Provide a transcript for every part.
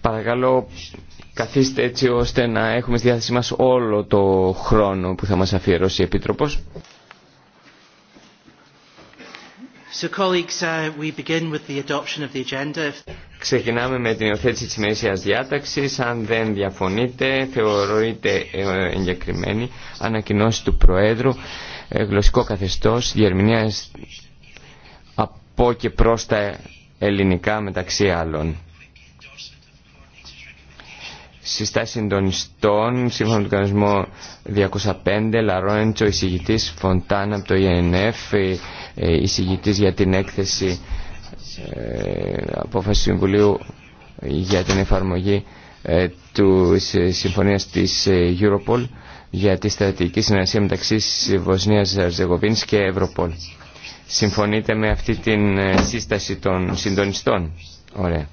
Παρακαλώ, καθίστε έτσι ώστε να έχουμε στη διάθεσή μας όλο το χρόνο που θα μας αφιερώσει η Επίτροπος. Ξεκινάμε με την υιοθέτηση της ημερήσιας διάταξης. Αν δεν διαφωνείτε, θεωρείτε ε, εγκεκριμένη ανακοινώση του Προέδρου, ε, γλωσσικό καθεστώς, διερμηνία πω και προς τα ελληνικά μεταξύ άλλων. Συστά συντονιστών, σύμφωνα με τον κανονισμό 205, Λαρόεντσο, εισηγητή Φοντάν από το ΙΕΝΕΦ, ε, εισηγητή για την έκθεση ε, απόφαση Συμβουλίου για την εφαρμογή ε, του συμφωνίας της ε, Europol για τη στρατηγική συνεργασία μεταξύ Βοσνίας Ζεγοβίνης και Ευρωπόλ. Συμφωνείτε με αυτή την ε, σύσταση των συντονιστών. Ωραία.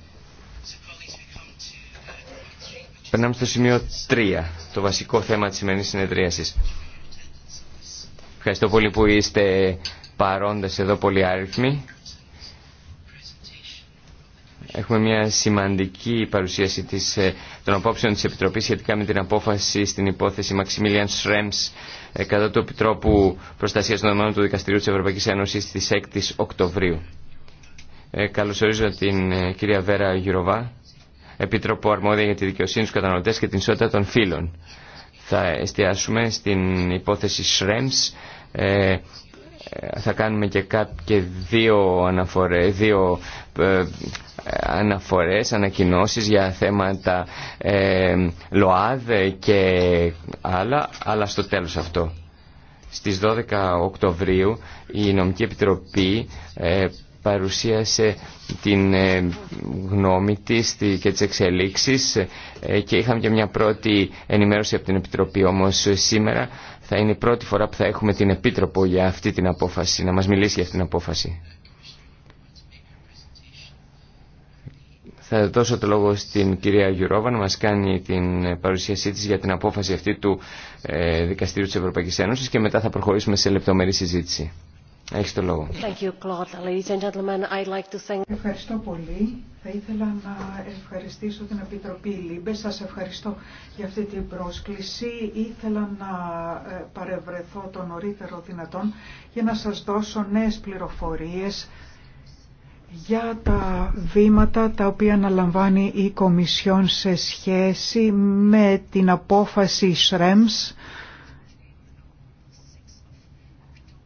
Περνάμε στο σημείο 3, το βασικό θέμα της σημερινής συνεδρίασης. Ευχαριστώ πολύ που είστε παρόντες εδώ πολύ άριθμοι. Έχουμε μια σημαντική παρουσίαση της, ε, των απόψεων της Επιτροπής σχετικά με την απόφαση στην υπόθεση Maximilian Schrems ε, κατά του Επιτρόπου Προστασίας των Δεδομένων του Δικαστηρίου της Ευρωπαϊκής Ένωσης στις 6 Οκτωβρίου. Ε, καλωσορίζω την ε, κυρία Βέρα Γιουροβά, Επίτροπο Αρμόδια για τη Δικαιοσύνη στους Καταναλωτές και την Ισότητα των Φίλων. Θα εστιάσουμε στην υπόθεση Schrems. Ε, θα κάνουμε και, δύο αναφορές, δύο ε, αναφορές, ανακοινώσεις για θέματα ε, ΛΟΑΔ και άλλα, αλλά στο τέλος αυτό. Στις 12 Οκτωβρίου η Νομική Επιτροπή ε, παρουσίασε την γνώμη της και τις εξελίξεις και είχαμε και μια πρώτη ενημέρωση από την Επιτροπή όμως σήμερα θα είναι η πρώτη φορά που θα έχουμε την Επίτροπο για αυτή την απόφαση, να μας μιλήσει για αυτή την απόφαση. Θα δώσω το λόγο στην κυρία Γιουρόβα να μας κάνει την παρουσίασή της για την απόφαση αυτή του ε, Δικαστήριου της Ευρωπαϊκής Ένωσης και μετά θα προχωρήσουμε σε λεπτομερή συζήτηση. Έχει το λόγο. you, like thank... Ευχαριστώ πολύ. Θα ήθελα να ευχαριστήσω την Επιτροπή Λίμπε. Σας ευχαριστώ για αυτή την πρόσκληση. Ήθελα να ε, παρευρεθώ το νωρίτερο δυνατόν για να σας δώσω νέες πληροφορίες για τα βήματα τα οποία αναλαμβάνει η Κομισιόν σε σχέση με την απόφαση ΣΡΕΜΣ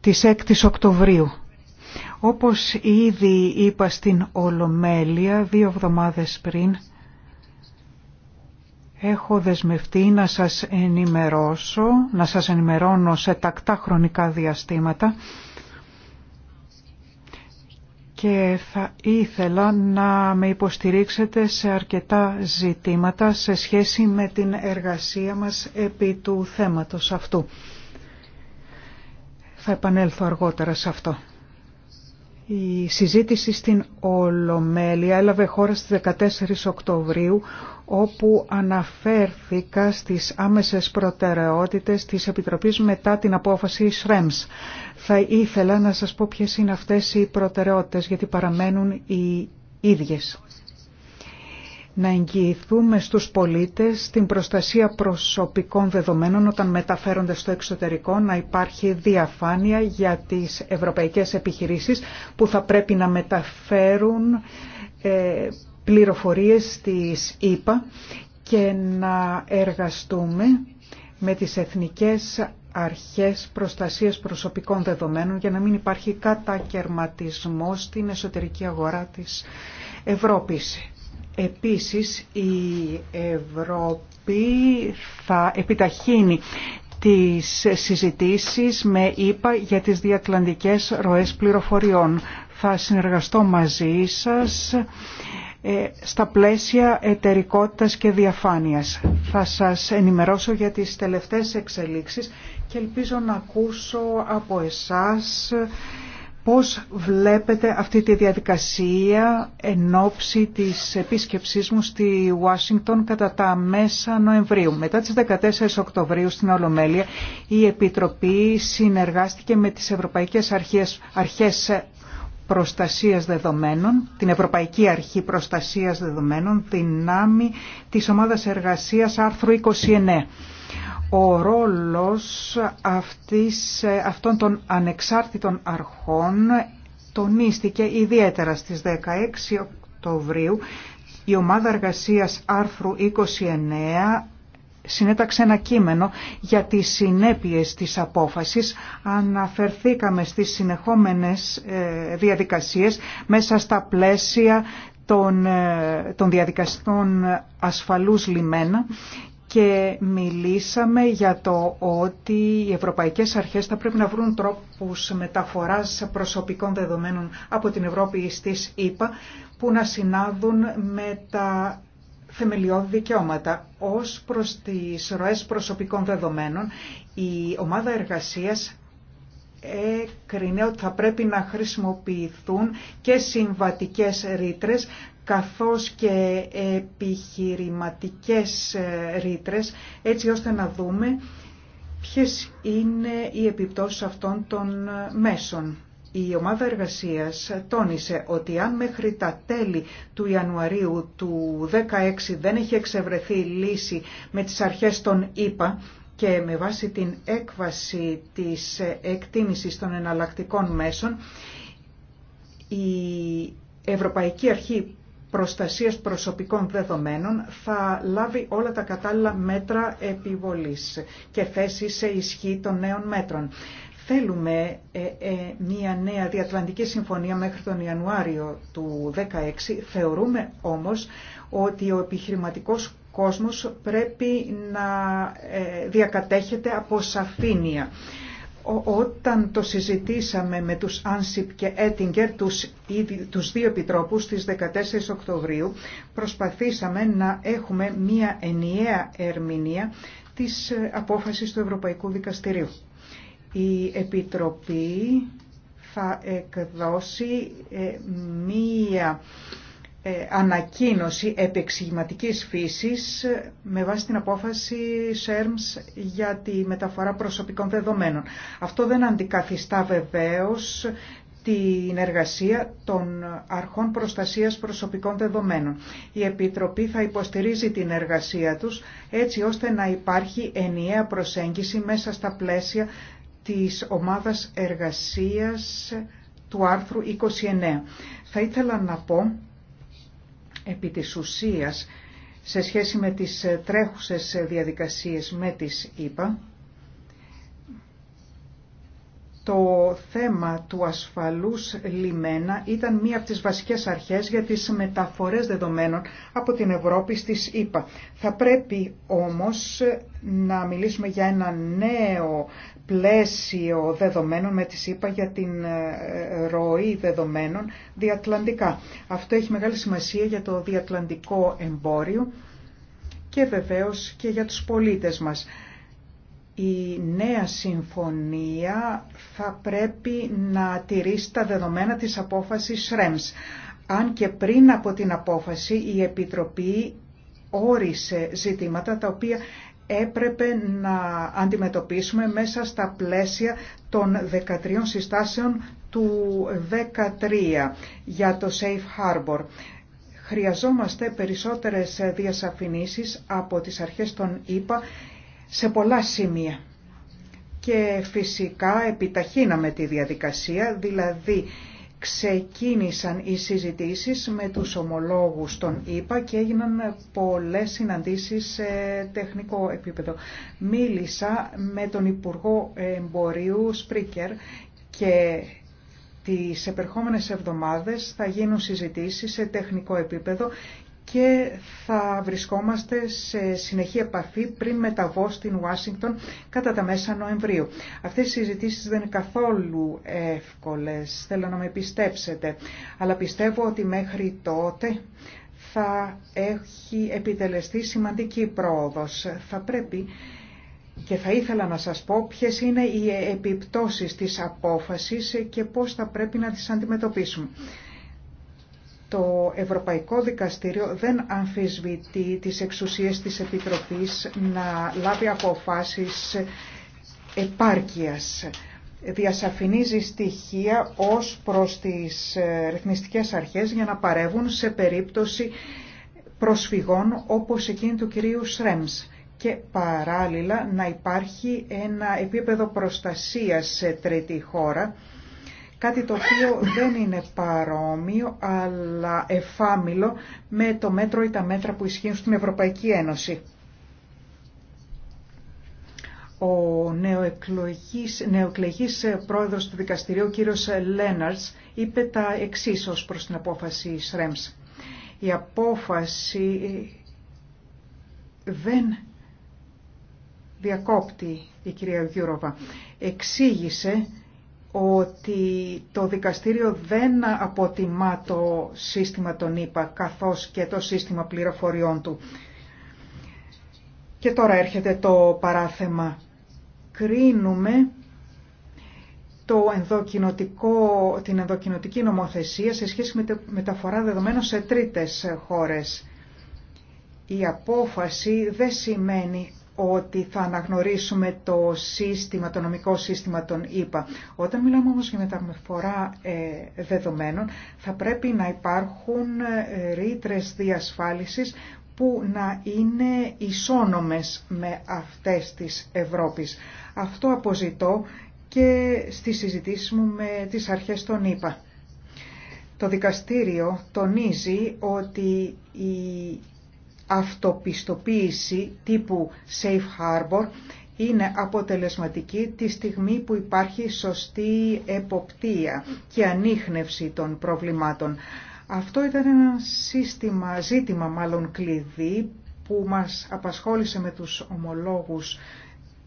της 6ης Οκτωβρίου. Όπως ήδη είπα στην Ολομέλεια δύο εβδομάδες πριν, έχω δεσμευτεί να σας ενημερώσω, να σας ενημερώνω σε τακτά χρονικά διαστήματα και θα ήθελα να με υποστηρίξετε σε αρκετά ζητήματα σε σχέση με την εργασία μας επί του θέματος αυτού. Θα επανέλθω αργότερα σε αυτό. Η συζήτηση στην Ολομέλεια έλαβε χώρα στις 14 Οκτωβρίου όπου αναφέρθηκα στις άμεσες προτεραιότητες της Επιτροπής μετά την απόφαση ΣΡΕΜΣ. Θα ήθελα να σας πω ποιες είναι αυτές οι προτεραιότητες, γιατί παραμένουν οι ίδιες. Να εγγυηθούμε στους πολίτες την προστασία προσωπικών δεδομένων όταν μεταφέρονται στο εξωτερικό, να υπάρχει διαφάνεια για τις ευρωπαϊκές επιχειρήσεις που θα πρέπει να μεταφέρουν ε, πληροφορίες της ΕΠΑ και να εργαστούμε με τις εθνικές αρχές προστασίας προσωπικών δεδομένων για να μην υπάρχει κατακαιρματισμό στην εσωτερική αγορά της Ευρώπης. Επίσης, η Ευρώπη θα επιταχύνει τις συζητήσεις με ΕΠΑ για τις διατλαντικές ροές πληροφοριών. Θα συνεργαστώ μαζί σας ε, στα πλαίσια εταιρικότητας και διαφάνειας. Θα σας ενημερώσω για τις τελευταίες εξελίξεις και ελπίζω να ακούσω από εσάς πώς βλέπετε αυτή τη διαδικασία εν ώψη της επίσκεψής μου στη Ουάσιγκτον κατά τα μέσα Νοεμβρίου. Μετά τις 14 Οκτωβρίου στην Ολομέλεια η Επιτροπή συνεργάστηκε με τις Ευρωπαϊκές Αρχές, αρχές προστασίας δεδομένων, την Ευρωπαϊκή Αρχή Προστασίας Δεδομένων, δυνάμει της ομάδας εργασίας άρθρου 29. Ο ρόλος αυτής, ε, αυτών των ανεξάρτητων αρχών τονίστηκε ιδιαίτερα στις 16 Οκτωβρίου η ομάδα εργασίας άρθρου 29 συνέταξε ένα κείμενο για τις συνέπειες της απόφασης. Αναφερθήκαμε στις συνεχόμενες ε, διαδικασίες μέσα στα πλαίσια των, ε, των διαδικαστών ασφαλούς λιμένα και μιλήσαμε για το ότι οι ευρωπαϊκές αρχές θα πρέπει να βρουν τρόπους μεταφοράς προσωπικών δεδομένων από την Ευρώπη στις ΗΠΑ που να συνάδουν με τα θεμελιώδη δικαιώματα. Ως προς τις ροές προσωπικών δεδομένων, η ομάδα εργασίας έκρινε ότι θα πρέπει να χρησιμοποιηθούν και συμβατικές ρήτρες καθώς και επιχειρηματικές ε, ρήτρες έτσι ώστε να δούμε ποιες είναι οι επιπτώσεις αυτών των ε, μέσων. Η ομάδα εργασίας τόνισε ότι αν μέχρι τα τέλη του Ιανουαρίου του 2016 δεν έχει εξευρεθεί λύση με τις αρχές των ΙΠΑ και με βάση την έκβαση της εκτίμησης των εναλλακτικών μέσων, η Ευρωπαϊκή Αρχή Προστασίας Προσωπικών Δεδομένων θα λάβει όλα τα κατάλληλα μέτρα επιβολής και θέσει σε ισχύ των νέων μέτρων. Θέλουμε ε, ε, μια νέα διατλαντική συμφωνία μέχρι τον Ιανουάριο του 2016. Θεωρούμε όμως ότι ο επιχειρηματικός κόσμος πρέπει να ε, διακατέχεται από σαφήνεια. Όταν το συζητήσαμε με τους Άνσιπ και Έτιγκερ, τους, τους δύο επιτρόπους, στις 14 Οκτωβρίου, προσπαθήσαμε να έχουμε μία ενιαία ερμηνεία της απόφασης του Ευρωπαϊκού Δικαστηρίου. Η Επιτροπή θα εκδώσει ε, μία ε, ανακοίνωση επεξηγηματικής φύσης ε, με βάση την απόφαση ΣΕΡΜΣ για τη μεταφορά προσωπικών δεδομένων. Αυτό δεν αντικαθιστά βεβαίως την εργασία των αρχών προστασίας προσωπικών δεδομένων. Η Επιτροπή θα υποστηρίζει την εργασία τους έτσι ώστε να υπάρχει ενιαία προσέγγιση μέσα στα πλαίσια της ομάδας εργασίας του άρθρου 29. Θα ήθελα να πω επί της ουσίας σε σχέση με τις τρέχουσες διαδικασίες με τις ΕΠΑ το θέμα του ασφαλούς λιμένα ήταν μία από τις βασικές αρχές για τις μεταφορές δεδομένων από την Ευρώπη στις ΗΠΑ. Θα πρέπει όμως να μιλήσουμε για ένα νέο πλαίσιο δεδομένων με τις είπα για την ε, ροή δεδομένων διατλαντικά. Αυτό έχει μεγάλη σημασία για το διατλαντικό εμπόριο και βεβαίως και για τους πολίτες μας. Η νέα συμφωνία θα πρέπει να τηρήσει τα δεδομένα της απόφασης ΣΡΕΜΣ. Αν και πριν από την απόφαση η Επιτροπή όρισε ζητήματα τα οποία έπρεπε να αντιμετωπίσουμε μέσα στα πλαίσια των 13 συστάσεων του 13 για το Safe Harbor. Χρειαζόμαστε περισσότερες διασαφηνίσεις από τις αρχές των ΙΠΑ σε πολλά σημεία. Και φυσικά επιταχύναμε τη διαδικασία, δηλαδή ξεκίνησαν οι συζητήσεις με τους ομολόγους των ΙΠΑ και έγιναν πολλές συναντήσεις σε τεχνικό επίπεδο. Μίλησα με τον Υπουργό Εμπορίου Σπρίκερ και τις επερχόμενες εβδομάδες θα γίνουν συζητήσεις σε τεχνικό επίπεδο και θα βρισκόμαστε σε συνεχή επαφή πριν μεταβώ στην Ουάσιγκτον κατά τα μέσα Νοεμβρίου. Αυτές οι συζητήσεις δεν είναι καθόλου εύκολες, θέλω να με πιστέψετε, αλλά πιστεύω ότι μέχρι τότε θα έχει επιτελεστεί σημαντική πρόοδος. Θα πρέπει και θα ήθελα να σας πω ποιες είναι οι επιπτώσεις της απόφασης και πώς θα πρέπει να τις αντιμετωπίσουμε το Ευρωπαϊκό Δικαστήριο δεν αμφισβητεί τις εξουσίες της Επιτροπής να λάβει αποφάσεις επάρκειας. Διασαφηνίζει στοιχεία ως προς τις ε, ρυθμιστικές αρχές για να παρεύουν σε περίπτωση προσφυγών όπως εκείνη του κυρίου Σρέμς και παράλληλα να υπάρχει ένα επίπεδο προστασίας σε τρίτη χώρα κάτι το οποίο δεν είναι παρόμοιο αλλά εφάμιλο με το μέτρο ή τα μέτρα που ισχύουν στην Ευρωπαϊκή Ένωση. Ο νεοεκλογής, νεοεκλεγής πρόεδρος του δικαστηρίου, κύριος Λέναρτς, είπε τα εξής ως προς την απόφαση Σρέμς. Η απόφαση δεν διακόπτει η κυρία Γιούροβα. Εξήγησε ότι το δικαστήριο δεν αποτιμά το σύστημα των ΙΠΑ καθώς και το σύστημα πληροφοριών του. Και τώρα έρχεται το παράθεμα. Κρίνουμε το την ενδοκινοτική νομοθεσία σε σχέση με τη μεταφορά δεδομένων σε τρίτες χώρες. Η απόφαση δεν σημαίνει ότι θα αναγνωρίσουμε το σύστημα, το νομικό σύστημα των ΙΠΑ. Όταν μιλάμε όμως για μεταφορά ε, δεδομένων, θα πρέπει να υπάρχουν ε, ρήτρε διασφάλισης που να είναι ισόνομες με αυτές της Ευρώπης. Αυτό αποζητώ και στη συζητήσεις μου με τις αρχές των ΙΠΑ. Το δικαστήριο τονίζει ότι η αυτοπιστοποίηση τύπου safe harbor είναι αποτελεσματική τη στιγμή που υπάρχει σωστή εποπτεία και ανείχνευση των προβλημάτων. Αυτό ήταν ένα σύστημα, ζήτημα μάλλον κλειδί που μας απασχόλησε με τους ομολόγους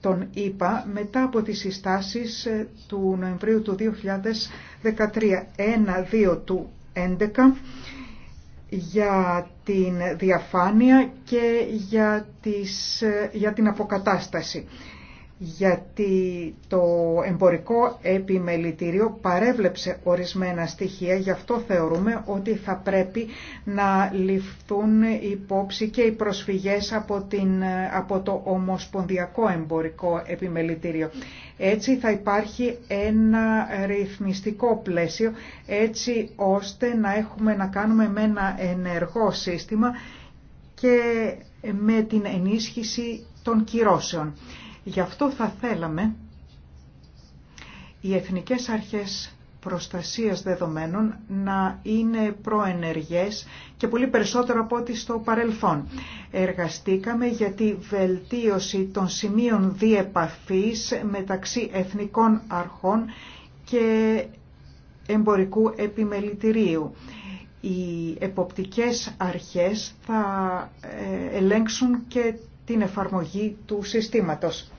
των είπα μετά από τις συστάσεις ε, του Νοεμβρίου του 2013 1-2 του για την διαφάνεια και για, τις, για την αποκατάσταση γιατί το εμπορικό επιμελητήριο παρέβλεψε ορισμένα στοιχεία, γι' αυτό θεωρούμε ότι θα πρέπει να ληφθούν υπόψη και οι προσφυγές από, την, από το Ομοσπονδιακό Εμπορικό Επιμελητήριο. Έτσι θα υπάρχει ένα ρυθμιστικό πλαίσιο, έτσι ώστε να έχουμε να κάνουμε με ένα ενεργό σύστημα και με την ενίσχυση των κυρώσεων. Γι' αυτό θα θέλαμε οι εθνικές αρχές προστασίας δεδομένων να είναι προενεργές και πολύ περισσότερο από ό,τι στο παρελθόν. Εργαστήκαμε για τη βελτίωση των σημείων διεπαφής μεταξύ εθνικών αρχών και εμπορικού επιμελητηρίου. Οι εποπτικές αρχές θα ε, ελέγξουν και την εφαρμογή του συστήματος.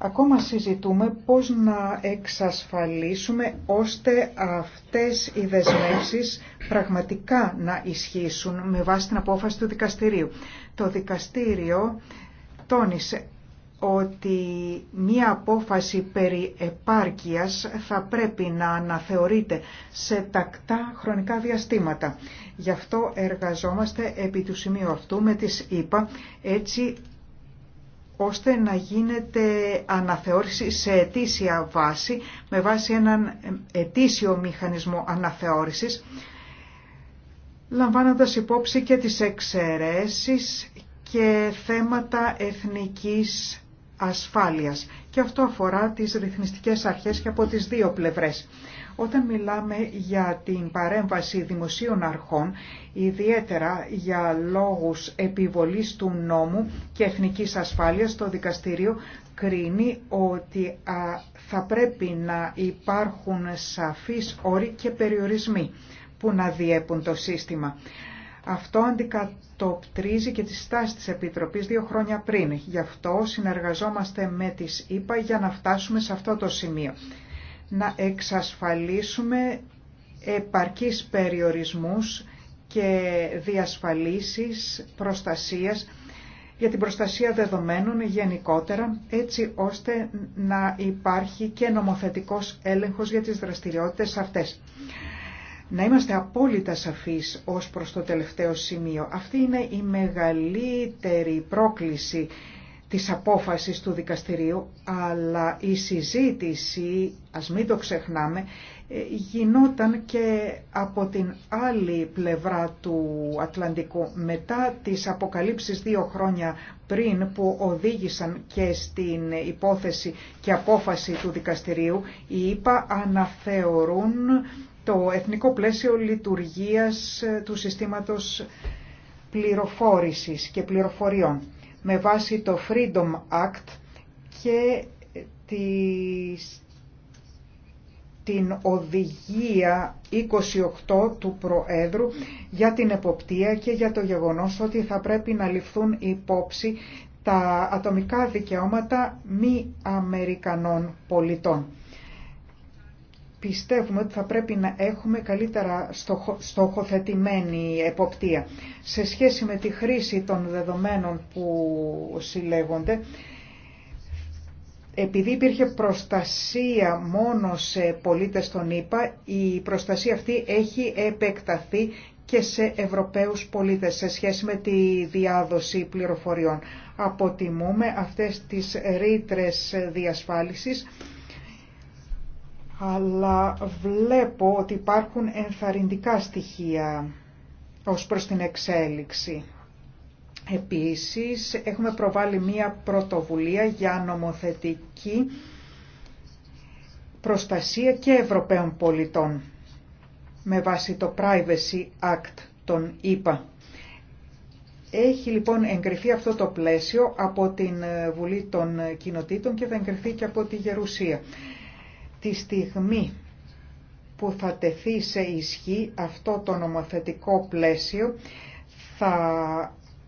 Ακόμα συζητούμε πώς να εξασφαλίσουμε ώστε αυτές οι δεσμεύσεις πραγματικά να ισχύσουν με βάση την απόφαση του δικαστηρίου. Το δικαστήριο τόνισε ότι μία απόφαση περί επάρκειας θα πρέπει να αναθεωρείται σε τακτά χρονικά διαστήματα. Γι' αυτό εργαζόμαστε επί του σημείου αυτού με τις ΕΠΑ έτσι ώστε να γίνεται αναθεώρηση σε ετήσια βάση, με βάση έναν ετήσιο μηχανισμό αναθεώρησης, λαμβάνοντας υπόψη και τις εξαιρέσεις και θέματα εθνικής ασφάλειας. Και αυτό αφορά τις ρυθμιστικές αρχές και από τις δύο πλευρές. Όταν μιλάμε για την παρέμβαση δημοσίων αρχών, ιδιαίτερα για λόγους επιβολής του νόμου και εθνικής ασφάλειας, το δικαστήριο κρίνει ότι θα πρέπει να υπάρχουν σαφείς όροι και περιορισμοί που να διέπουν το σύστημα. Αυτό αντικατοπτρίζει και τη στάση της Επιτροπής δύο χρόνια πριν. Γι' αυτό συνεργαζόμαστε με τις ΕΠΑ για να φτάσουμε σε αυτό το σημείο να εξασφαλίσουμε επαρκείς περιορισμούς και διασφαλίσεις προστασίας για την προστασία δεδομένων γενικότερα, έτσι ώστε να υπάρχει και νομοθετικός έλεγχος για τις δραστηριότητες αυτές. Να είμαστε απόλυτα σαφείς ως προς το τελευταίο σημείο. Αυτή είναι η μεγαλύτερη πρόκληση της απόφασης του δικαστηρίου, αλλά η συζήτηση, ας μην το ξεχνάμε, ε, γινόταν και από την άλλη πλευρά του Ατλαντικού. Μετά τις αποκαλύψεις δύο χρόνια πριν που οδήγησαν και στην υπόθεση και απόφαση του δικαστηρίου, οι ΙΠΑ αναθεωρούν το εθνικό πλαίσιο λειτουργίας ε, του συστήματος πληροφόρησης και πληροφοριών με βάση το Freedom Act και τη την οδηγία 28 του Προέδρου για την εποπτεία και για το γεγονός ότι θα πρέπει να ληφθούν υπόψη τα ατομικά δικαιώματα μη Αμερικανών πολιτών πιστεύουμε ότι θα πρέπει να έχουμε καλύτερα στοχοθετημένη εποπτεία. Σε σχέση με τη χρήση των δεδομένων που συλλέγονται, επειδή υπήρχε προστασία μόνο σε πολίτες των ΗΠΑ, η προστασία αυτή έχει επεκταθεί και σε Ευρωπαίους πολίτες σε σχέση με τη διάδοση πληροφοριών. Αποτιμούμε αυτές τις ρήτρες διασφάλισης αλλά βλέπω ότι υπάρχουν ενθαρρυντικά στοιχεία ως προς την εξέλιξη. Επίσης, έχουμε προβάλει μία πρωτοβουλία για νομοθετική προστασία και Ευρωπαίων πολιτών με βάση το Privacy Act των ΗΠΑ. Έχει λοιπόν εγκριθεί αυτό το πλαίσιο από την Βουλή των Κοινοτήτων και θα εγκριθεί και από τη Γερουσία τη στιγμή που θα τεθεί σε ισχύ αυτό το νομοθετικό πλαίσιο θα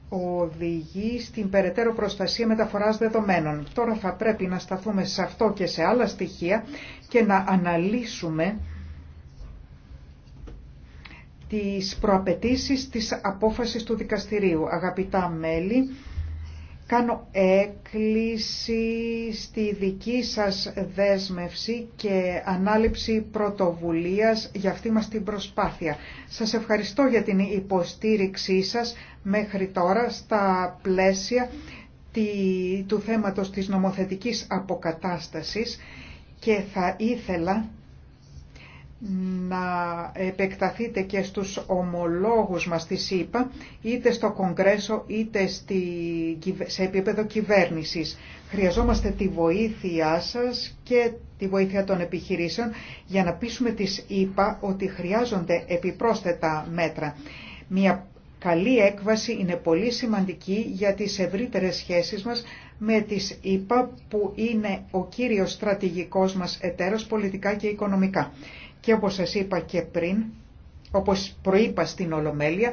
οδηγεί στην περαιτέρω προστασία μεταφοράς δεδομένων. Τώρα θα πρέπει να σταθούμε σε αυτό και σε άλλα στοιχεία και να αναλύσουμε τις προαπαιτήσεις της απόφασης του δικαστηρίου. Αγαπητά μέλη, κάνω έκκληση στη δική σας δέσμευση και ανάληψη πρωτοβουλίας για αυτή μας την προσπάθεια. Σας ευχαριστώ για την υποστήριξή σας μέχρι τώρα στα πλαίσια του θέματος της νομοθετικής αποκατάστασης και θα ήθελα να επεκταθείτε και στους ομολόγους μας της ΕΠΑ, είτε στο Κογκρέσο είτε στη, σε επίπεδο κυβέρνησης. Χρειαζόμαστε τη βοήθειά σας και τη βοήθεια των επιχειρήσεων για να πείσουμε της ΕΠΑ ότι χρειάζονται επιπρόσθετα μέτρα. Μια καλή έκβαση είναι πολύ σημαντική για τις ευρύτερες σχέσεις μας με τις ΕΠΑ που είναι ο κύριος στρατηγικός μας εταίρος πολιτικά και οικονομικά. Και όπως σας είπα και πριν, όπως προείπα στην Ολομέλεια,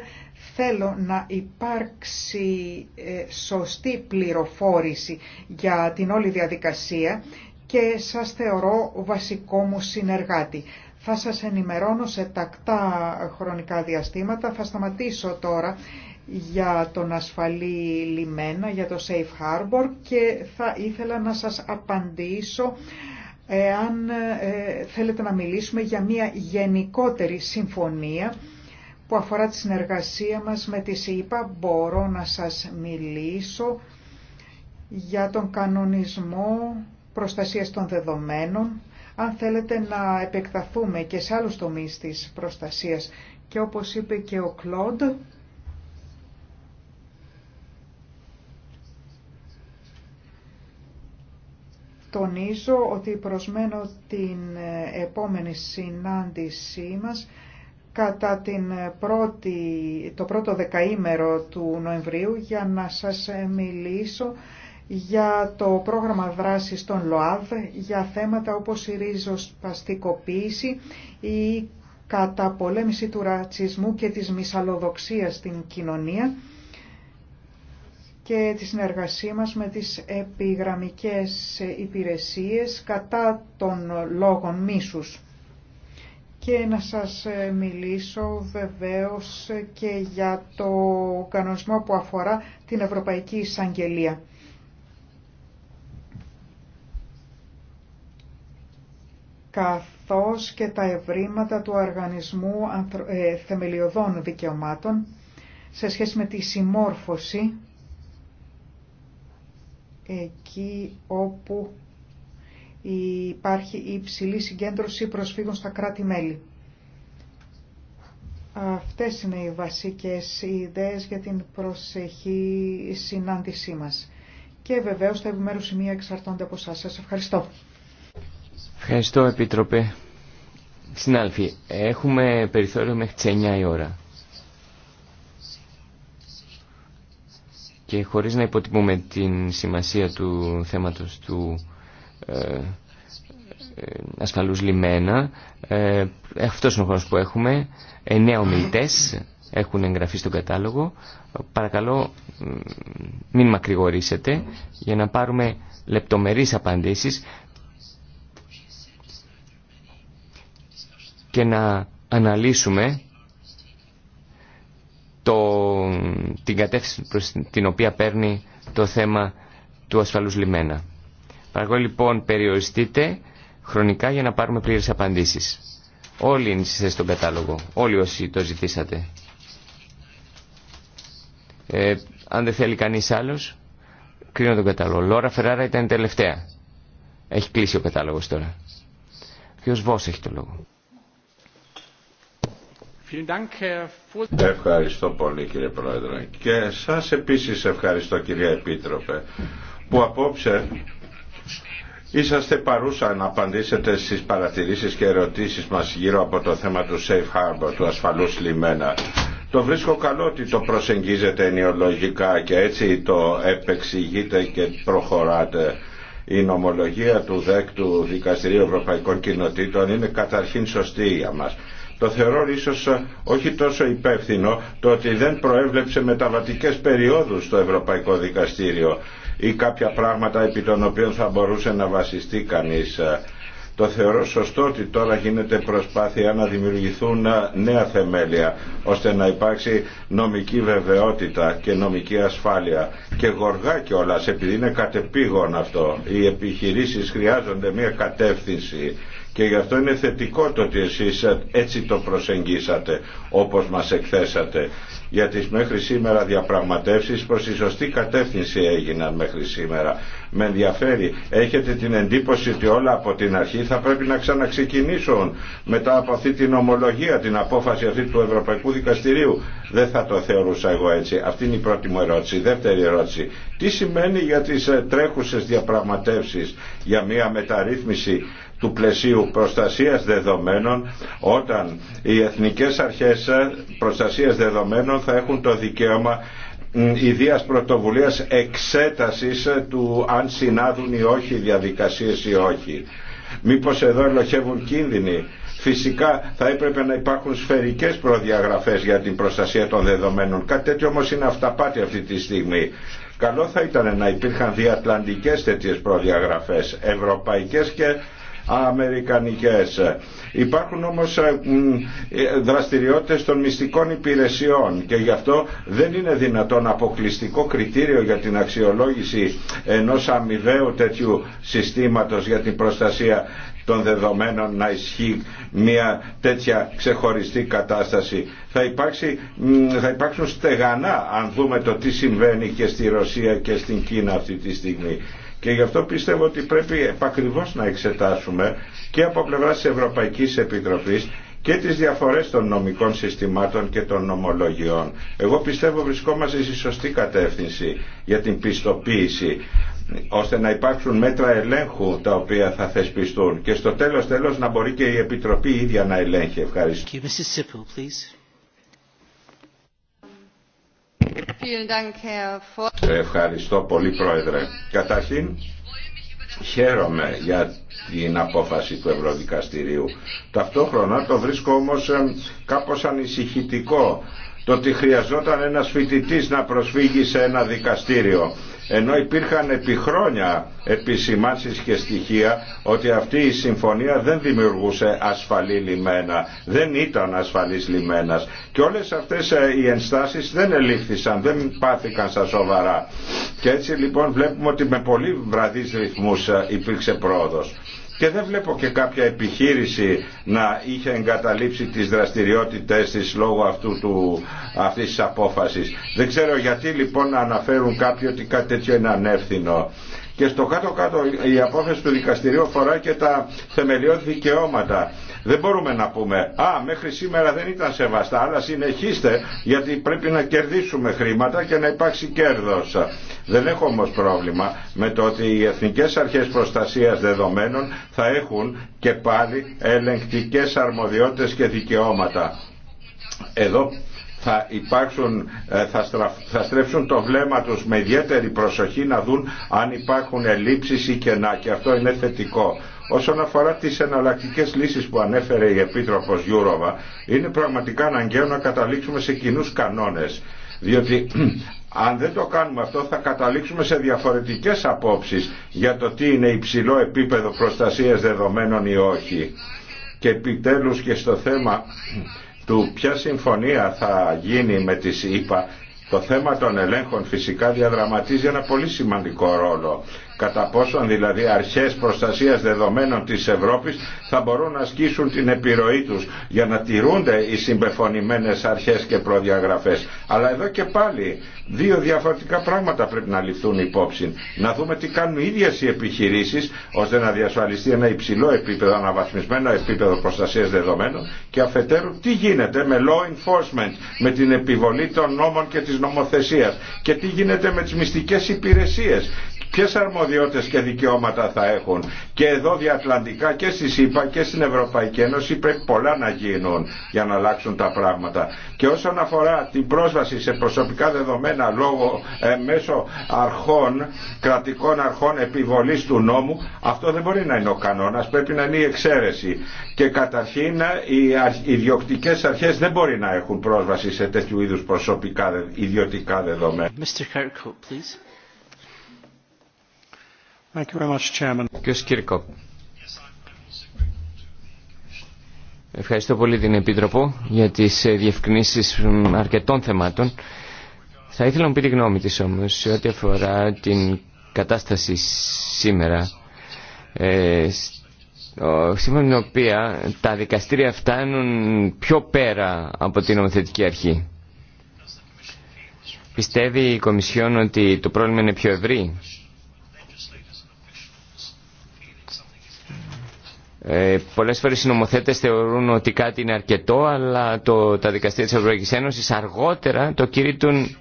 θέλω να υπάρξει ε, σωστή πληροφόρηση για την όλη διαδικασία και σας θεωρώ βασικό μου συνεργάτη. Θα σας ενημερώνω σε τακτά χρονικά διαστήματα. Θα σταματήσω τώρα για τον ασφαλή λιμένα, για το Safe Harbor και θα ήθελα να σας απαντήσω εάν ε, θέλετε να μιλήσουμε για μια γενικότερη συμφωνία που αφορά τη συνεργασία μας με τη ΣΥΠΑ, μπορώ να σας μιλήσω για τον κανονισμό προστασίας των δεδομένων, αν θέλετε να επεκταθούμε και σε άλλους τομείς της προστασίας. Και όπως είπε και ο Κλοντ, τονίζω ότι προσμένω την ε, επόμενη συνάντησή μας κατά την ε, το πρώτο δεκαήμερο του Νοεμβρίου για να σας ε, μιλήσω για το πρόγραμμα δράσης των ΛΟΑΔ για θέματα όπως η ρίζοσπαστικοποίηση, η καταπολέμηση του ρατσισμού και της μυσαλλοδοξίας στην κοινωνία και τη συνεργασία μας με τις επιγραμμικές υπηρεσίες κατά των λόγων μίσους. Και να σας ε, μιλήσω βεβαίως ε, και για το κανονισμό που αφορά την Ευρωπαϊκή Εισαγγελία. καθώς και τα ευρήματα του Οργανισμού ε, Θεμελιωδών Δικαιωμάτων σε σχέση με τη συμμόρφωση εκεί όπου υπάρχει υψηλή συγκέντρωση προσφύγων στα κράτη-μέλη. Αυτές είναι οι βασικές ιδέες για την προσεχή συνάντησή μας. Και βεβαίως τα επιμέρους σημεία εξαρτώνται από εσάς. Σας ευχαριστώ. Ευχαριστώ Επίτροπε. Συνάλφοι, έχουμε περιθώριο μέχρι τις 9 η ώρα. και χωρίς να υποτιμούμε την σημασία του θέματος του ε, ε, ασφαλούς λιμένα ε, αυτός είναι ο χρόνος που έχουμε εννέα ομιλητές έχουν εγγραφεί στον κατάλογο παρακαλώ μην μακρηγορήσετε για να πάρουμε λεπτομερείς απαντήσεις και να αναλύσουμε το, την κατεύθυνση προς την οποία παίρνει το θέμα του ασφαλούς λιμένα. Παρακολουθείτε λοιπόν περιοριστείτε χρονικά για να πάρουμε πλήρες απαντήσεις. Όλοι είναι στον κατάλογο, όλοι όσοι το ζητήσατε. Ε, αν δεν θέλει κανείς άλλος, κρίνω τον κατάλογο. Λόρα Φεράρα ήταν τελευταία. Έχει κλείσει ο κατάλογος τώρα. Ποιος έχει το λόγο. Ευχαριστώ πολύ κύριε Πρόεδρε και σας επίσης ευχαριστώ κυρία Επίτροπε που απόψε είσαστε παρούσα να απαντήσετε στις παρατηρήσεις και ερωτήσεις μας γύρω από το θέμα του Safe Harbor, του ασφαλούς λιμένα. Το βρίσκω καλό ότι το προσεγγίζετε ενοιολογικά και έτσι το επεξηγείτε και προχωράτε. Η νομολογία του ΔΕΚ του Δικαστηρίου Ευρωπαϊκών Κοινοτήτων είναι καταρχήν σωστή για μας το θεωρώ ίσως ε, όχι τόσο υπεύθυνο το ότι δεν προέβλεψε μεταβατικές περιόδους στο Ευρωπαϊκό Δικαστήριο ή κάποια πράγματα επί των οποίων θα μπορούσε να βασιστεί κανείς. Ε. Το θεωρώ σωστό ότι τώρα γίνεται προσπάθεια να δημιουργηθούν ε, νέα θεμέλια ώστε να υπάρξει νομική βεβαιότητα και νομική ασφάλεια. Και γοργά κιόλα επειδή είναι κατεπήγον αυτό. Οι επιχειρήσεις χρειάζονται μια κατεύθυνση και γι' αυτό είναι θετικό το ότι εσείς έτσι το προσεγγίσατε όπως μας εκθέσατε. Για τις μέχρι σήμερα διαπραγματεύσεις προς τη σωστή κατεύθυνση έγιναν μέχρι σήμερα. Με ενδιαφέρει. Έχετε την εντύπωση ότι όλα από την αρχή θα πρέπει να ξαναξεκινήσουν μετά από αυτή την ομολογία, την απόφαση αυτή του Ευρωπαϊκού Δικαστηρίου. Δεν θα το θεωρούσα εγώ έτσι. Αυτή είναι η πρώτη μου ερώτηση. δεύτερη ερώτηση. Τι σημαίνει για τις τρέχουσες διαπραγματεύσεις για μια μεταρρύθμιση του πλαισίου προστασίας δεδομένων όταν οι εθνικές αρχές προστασίας δεδομένων θα έχουν το δικαίωμα ιδίας πρωτοβουλίας εξέτασης του αν συνάδουν ή όχι οι διαδικασίες ή όχι. Μήπως εδώ ελοχεύουν κίνδυνοι. Φυσικά θα έπρεπε να υπάρχουν σφαιρικές προδιαγραφές για την προστασία των δεδομένων. Κάτι τέτοιο όμως είναι αυταπάτη αυτή τη στιγμή. Καλό θα ήταν να υπήρχαν διατλαντικές τέτοιες προδιαγραφές, ευρωπαϊκές και αμερικανικές. Υπάρχουν όμως ε, ε, δραστηριότητες των μυστικών υπηρεσιών και γι' αυτό δεν είναι δυνατόν αποκλειστικό κριτήριο για την αξιολόγηση ενός αμοιβαίου τέτοιου συστήματος για την προστασία των δεδομένων να ισχύει μια τέτοια ξεχωριστή κατάσταση. Θα, υπάρξει, θα υπάρξουν στεγανά αν δούμε το τι συμβαίνει και στη Ρωσία και στην Κίνα αυτή τη στιγμή. Και γι' αυτό πιστεύω ότι πρέπει επακριβώς να εξετάσουμε και από πλευρά της Ευρωπαϊκής Επιτροπής και τις διαφορές των νομικών συστημάτων και των νομολογιών. Εγώ πιστεύω βρισκόμαστε στη σωστή κατεύθυνση για την πιστοποίηση ώστε να υπάρξουν μέτρα ελέγχου τα οποία θα θεσπιστούν και στο τέλος τέλος να μπορεί και η Επιτροπή ίδια να ελέγχει. Ευχαριστώ. Ευχαριστώ πολύ Πρόεδρε. Καταρχήν χαίρομαι για την απόφαση του Ευρωδικαστηρίου. Ταυτόχρονα το βρίσκω όμως κάπως ανησυχητικό το ότι χρειαζόταν ένας φοιτητής να προσφύγει σε ένα δικαστήριο ενώ υπήρχαν επί χρόνια επισημάνσεις και στοιχεία ότι αυτή η συμφωνία δεν δημιουργούσε ασφαλή λιμένα, δεν ήταν ασφαλής λιμένας και όλες αυτές ε, οι ενστάσεις δεν ελήφθησαν, δεν πάθηκαν στα σοβαρά και έτσι λοιπόν βλέπουμε ότι με πολύ βραδείς ρυθμούς ε, υπήρξε πρόοδος και δεν βλέπω και κάποια επιχείρηση να είχε εγκαταλείψει τις δραστηριότητες της λόγω αυτού του, αυτής της απόφασης. Δεν ξέρω γιατί λοιπόν να αναφέρουν κάποιοι ότι κάτι τέτοιο είναι ανεύθυνο. Και στο κάτω-κάτω η απόφαση του δικαστηρίου αφορά και τα θεμελιώδη δικαιώματα δεν μπορούμε να πούμε «Α, μέχρι σήμερα δεν ήταν σεβαστά, αλλά συνεχίστε γιατί πρέπει να κερδίσουμε χρήματα και να υπάρξει κέρδος». Δεν έχω όμως πρόβλημα με το ότι οι εθνικές αρχές προστασίας δεδομένων θα έχουν και πάλι ελεγκτικές αρμοδιότητες και δικαιώματα. Εδώ θα, υπάρξουν, ε, θα, στρέψουν το βλέμμα τους με ιδιαίτερη προσοχή να δουν αν υπάρχουν ελλείψεις ή κενά και αυτό είναι θετικό. Όσον αφορά τις εναλλακτικέ λύσεις που ανέφερε η Επίτροπος Γιούροβα, είναι πραγματικά αναγκαίο να καταλήξουμε σε κοινού κανόνες. Διότι αν δεν το κάνουμε αυτό θα καταλήξουμε σε διαφορετικές απόψεις για το τι είναι υψηλό επίπεδο προστασίας δεδομένων ή όχι. Και επιτέλους και στο θέμα του ποια συμφωνία θα γίνει με τις ΗΠΑ το θέμα των ελέγχων φυσικά διαδραματίζει ένα πολύ σημαντικό ρόλο κατά πόσον δηλαδή αρχές προστασίας δεδομένων της Ευρώπης θα μπορούν να ασκήσουν την επιρροή τους για να τηρούνται οι συμπεφωνημένες αρχές και προδιαγραφές. Αλλά εδώ και πάλι δύο διαφορετικά πράγματα πρέπει να ληφθούν υπόψη. Να δούμε τι κάνουν οι ίδιες οι επιχειρήσεις ώστε να διασφαλιστεί ένα υψηλό επίπεδο, αναβαθμισμένο επίπεδο προστασίας δεδομένων και αφετέρου τι γίνεται με law enforcement, με την επιβολή των νόμων και της νομοθεσίας και τι γίνεται με τις μυστικές υπηρεσίες ποιες αρμοδιότητες και δικαιώματα θα έχουν. Και εδώ διατλαντικά και στη ΣΥΠΑ και στην Ευρωπαϊκή Ένωση πρέπει πολλά να γίνουν για να αλλάξουν τα πράγματα. Και όσον αφορά την πρόσβαση σε προσωπικά δεδομένα λόγω, ε, μέσω αρχών, κρατικών αρχών επιβολής του νόμου, αυτό δεν μπορεί να είναι ο κανόνας, πρέπει να είναι η εξαίρεση. Και καταρχήν ε, οι ιδιοκτικές αρχές δεν μπορεί να έχουν πρόσβαση σε τέτοιου είδους προσωπικά ιδιωτικά δεδομένα. Mr. Kirkhope, please. Ευχαριστώ πολύ την Επίτροπο για τις ε, διευκρινήσεις αρκετών θεμάτων. Θα ήθελα να μου πει τη γνώμη της όμως σε ό,τι αφορά την κατάσταση σήμερα. Ε, σήμερα με την οποία τα δικαστήρια φτάνουν πιο πέρα από την νομοθετική αρχή. Πιστεύει η Κομισιόν ότι το πρόβλημα είναι πιο ευρύ Ε, πολλές φορές οι νομοθέτες θεωρούν ότι κάτι είναι αρκετό, αλλά το, τα δικαστήρια της Ευρωπαϊκής Ένωσης αργότερα το κηρύττουν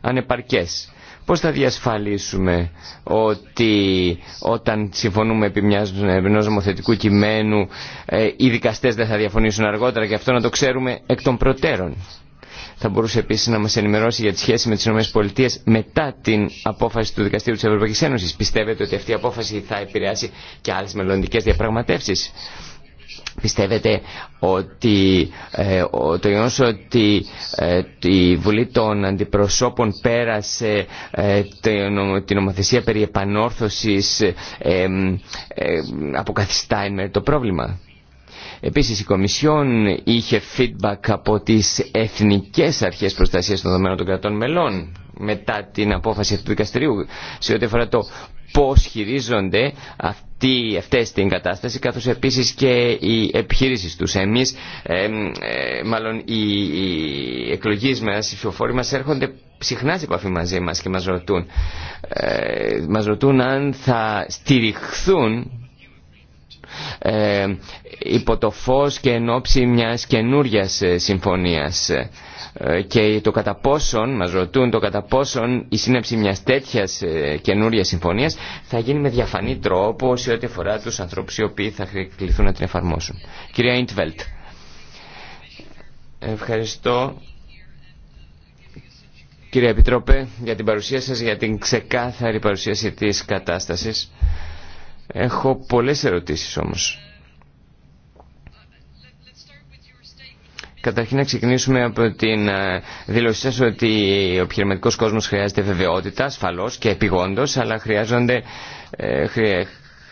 ανεπαρκές. Πώς θα διασφαλίσουμε ότι όταν συμφωνούμε επί μιας, ενός νομοθετικού κειμένου ε, οι δικαστές δεν θα διαφωνήσουν αργότερα και αυτό να το ξέρουμε εκ των προτέρων. Θα μπορούσε επίσης να μας ενημερώσει για τη σχέση με τις ΗΠΑ μετά την απόφαση του Δικαστήριου τη Ευρωπαϊκής Ένωσης. Πιστεύετε ότι αυτή η απόφαση θα επηρεάσει και άλλες μελλοντικέ διαπραγματεύσεις. Πιστεύετε ότι ε, το γεγονό ότι ε, η Βουλή των Αντιπροσώπων πέρασε ε, την νομοθεσία περί επανόρθωσης ε, αποκαθιστά εν το πρόβλημα. Επίσης η Κομισιόν είχε feedback από τις Εθνικές Αρχές Προστασίας των Δεδομένων των Κρατών Μελών μετά την απόφαση αυτού του δικαστηρίου σε ό,τι αφορά το πώς χειρίζονται αυτοί, αυτές την κατάσταση καθώς επίσης και οι επιχείρησεις τους. Εμείς, ε, μάλλον οι, οι εκλογείς μας, οι φιωφόροι μας έρχονται συχνά σε επαφή μαζί μας και μας ρωτούν, ε, μας ρωτούν αν θα στηριχθούν ε, υπό το φως και εν ώψη μιας καινούριας ε, συμφωνίας ε, και το κατά πόσον, μας ρωτούν το κατά πόσον η σύνεψη μιας τέτοιας ε, καινούριας συμφωνίας θα γίνει με διαφανή τρόπο σε ό,τι αφορά τους ανθρώπους οι οποίοι θα κληθούν να την εφαρμόσουν. Κυρία Ιντβελτ, ευχαριστώ κύριε Επιτρόπε για την παρουσία σας, για την ξεκάθαρη παρουσίαση της κατάστασης. Έχω πολλές ερωτήσεις όμως. Καταρχήν να ξεκινήσουμε από την ε, δήλωσή σας ότι ο επιχειρηματικό κόσμος χρειάζεται βεβαιότητα, ασφαλώς και επιγόντως, αλλά χρειάζονται, ε,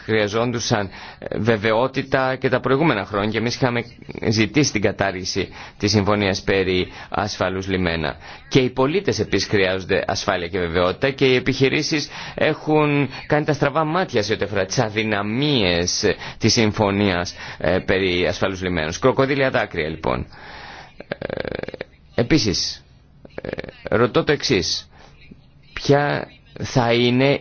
χρειαζόντουσαν ε, βεβαιότητα και τα προηγούμενα χρόνια και εμείς είχαμε ζητήσει την κατάργηση της συμφωνία περί ασφαλούς λιμένα. Και οι πολίτες επίση χρειάζονται ασφάλεια και βεβαιότητα και οι επιχειρήσεις έχουν κάνει τα στραβά μάτια σε ό,τι αφορά τις αδυναμίες της συμφωνίας ε, περί ασφαλούς λιμένους. Κροκοδίλια δάκρυα λοιπόν. Ε, επίσης, ρωτώ το εξής. Ποια θα είναι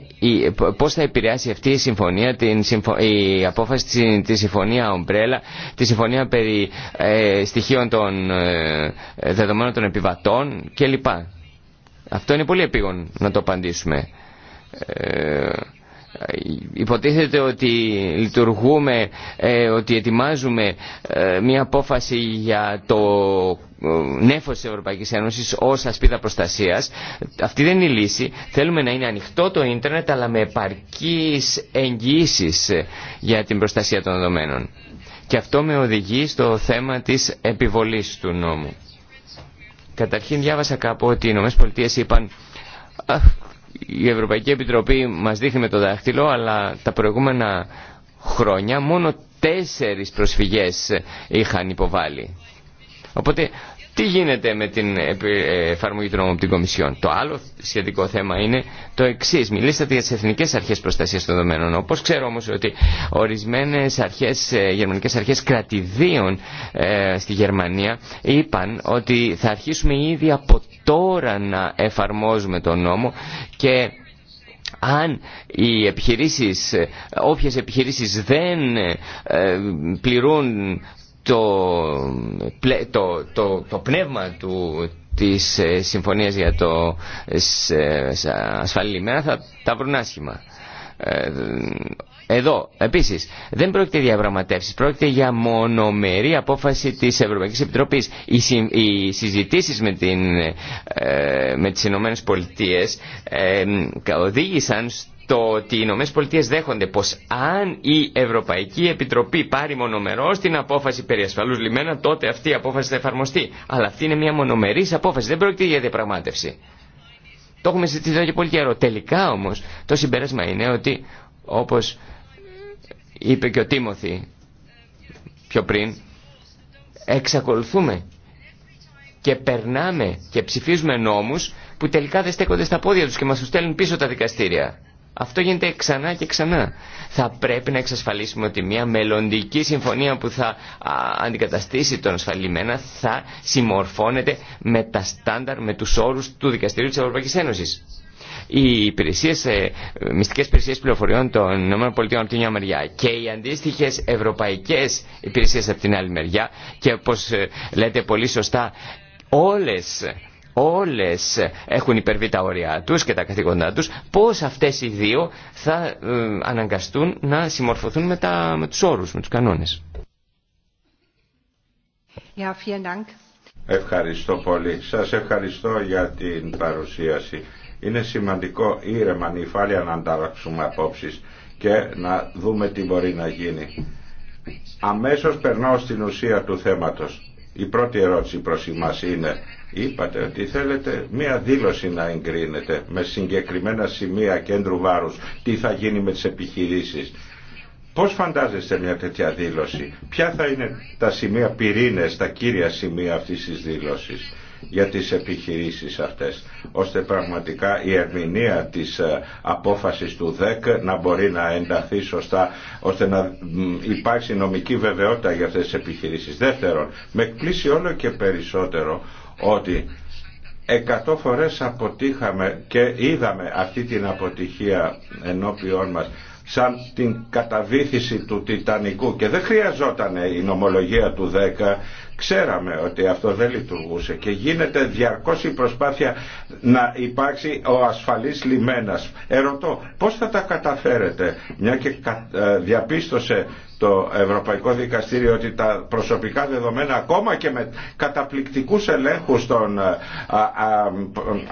πώς θα επηρεάσει αυτή η συμφωνία την, η απόφαση της συμφωνία ομπρέλα τη συμφωνία περί ε, στοιχείων των ε, δεδομένων των επιβατών κλπ. Αυτό είναι πολύ επίγον να το απαντήσουμε. Ε, Υποτίθεται ότι λειτουργούμε, ε, ότι ετοιμάζουμε ε, μια απόφαση για το ε, νέφος της Ευρωπαϊκής Ένωσης ως ασπίδα προστασίας. Αυτή δεν είναι η λύση. Θέλουμε να είναι ανοιχτό το ίντερνετ αλλά με επαρκείς εγγυήσεις για την προστασία των δεδομένων. Και αυτό με οδηγεί στο θέμα της επιβολής του νόμου. Καταρχήν διάβασα κάπου ότι οι Ηνωμένες Πολιτείες είπαν η Ευρωπαϊκή Επιτροπή μας δείχνει με το δάχτυλο, αλλά τα προηγούμενα χρόνια μόνο τέσσερις προσφυγές είχαν υποβάλει. Οπότε τι γίνεται με την ε, εφαρμογή των την Κομισιόν. Το άλλο σχετικό θέμα είναι το εξή. Μιλήσατε για τι εθνικέ αρχέ προστασία των δεδομένων. Όπω ξέρω όμω ότι ορισμένε αρχές, ε, γερμανικέ αρχέ κρατηδίων ε, στη Γερμανία είπαν ότι θα αρχίσουμε ήδη από τώρα να εφαρμόζουμε τον νόμο και αν οι επιχειρήσεις, όποιες επιχειρήσεις δεν πληρούν το, το, το πνεύμα του, της ε, συμφωνίας για το ε, ασφαλή ημέρα θα τα βρουν άσχημα. Ε, εδώ, επίση, δεν πρόκειται για διαπραγματεύσει, πρόκειται για μονομερή απόφαση τη Ευρωπαϊκή Επιτροπή. Οι, συ, συζητήσει με, ε, με τι Ηνωμένε Πολιτείε οδήγησαν στο ότι οι Ηνωμένε Πολιτείε δέχονται πω αν η Ευρωπαϊκή Επιτροπή πάρει μονομερό την απόφαση περί ασφαλού λιμένα, τότε αυτή η απόφαση θα εφαρμοστεί. Αλλά αυτή είναι μια μονομερή απόφαση, δεν πρόκειται για διαπραγμάτευση. Το έχουμε συζητήσει εδώ και πολύ καιρό. Τελικά όμως το συμπέρασμα είναι ότι όπως είπε και ο Τίμωθη πιο πριν, εξακολουθούμε και περνάμε και ψηφίζουμε νόμους που τελικά δεν στέκονται στα πόδια τους και μας τους στέλνουν πίσω τα δικαστήρια. Αυτό γίνεται ξανά και ξανά. Θα πρέπει να εξασφαλίσουμε ότι μια μελλοντική συμφωνία που θα αντικαταστήσει τον ασφαλιμένα θα συμμορφώνεται με τα στάνταρ, με τους όρους του Δικαστηρίου της Ευρωπαϊκής Ένωσης. Οι υπηρεσίες, ε, μυστικές υπηρεσίες πληροφοριών των ΗΠΑ από την μια μεριά και οι αντίστοιχες ευρωπαϊκές υπηρεσίες από την άλλη μεριά και όπως ε, λέτε πολύ σωστά όλες όλες έχουν υπερβεί τα όρια τους και τα καθήκοντά τους, πώς αυτές οι δύο θα ε, αναγκαστούν να συμμορφωθούν με, τα, με τους όρους, με τους κανόνες. Ευχαριστώ πολύ. Σας ευχαριστώ για την παρουσίαση. Είναι σημαντικό ήρεμα νυφάλια να ανταλλάξουμε απόψεις και να δούμε τι μπορεί να γίνει. Αμέσως περνάω στην ουσία του θέματος. Η πρώτη ερώτηση προς εμάς είναι είπατε ότι θέλετε μία δήλωση να εγκρίνετε με συγκεκριμένα σημεία κέντρου βάρους τι θα γίνει με τις επιχειρήσεις. Πώς φαντάζεστε μια τέτοια δήλωση, ποια θα είναι τα σημεία πυρήνες, τα κύρια σημεία αυτής της δήλωσης για τις επιχειρήσεις αυτές, ώστε πραγματικά η ερμηνεία της ε, απόφασης του ΔΕΚ να μπορεί να ενταθεί σωστά, ώστε να υπάρξει νομική βεβαιότητα για αυτές τις επιχειρήσεις. Δεύτερον, με εκπλήσει όλο και περισσότερο ότι εκατό φορές αποτύχαμε και είδαμε αυτή την αποτυχία ενώπιόν μας σαν την καταβήθηση του Τιτανικού και δεν χρειαζόταν η νομολογία του 10 ξέραμε ότι αυτό δεν λειτουργούσε και γίνεται διαρκώς η προσπάθεια να υπάρξει ο ασφαλής λιμένας. Ερωτώ πώς θα τα καταφέρετε μια και ε, διαπίστωσε το Ευρωπαϊκό Δικαστήριο ότι τα προσωπικά δεδομένα ακόμα και με καταπληκτικούς ελέγχους των ε,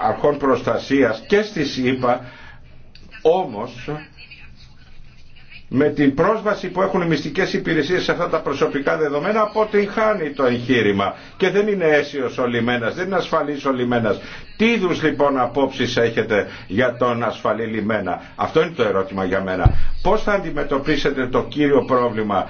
αρχών προστασίας και στη ΣΥΠΑ όμως με την πρόσβαση που έχουν οι μυστικές υπηρεσίες σε αυτά τα προσωπικά δεδομένα αποτυγχάνει το εγχείρημα και δεν είναι αίσιος ο λιμένας, δεν είναι ασφαλής ο λιμένας. Τι είδου λοιπόν απόψεις έχετε για τον ασφαλή λιμένα. Αυτό είναι το ερώτημα για μένα. Πώς θα αντιμετωπίσετε το κύριο πρόβλημα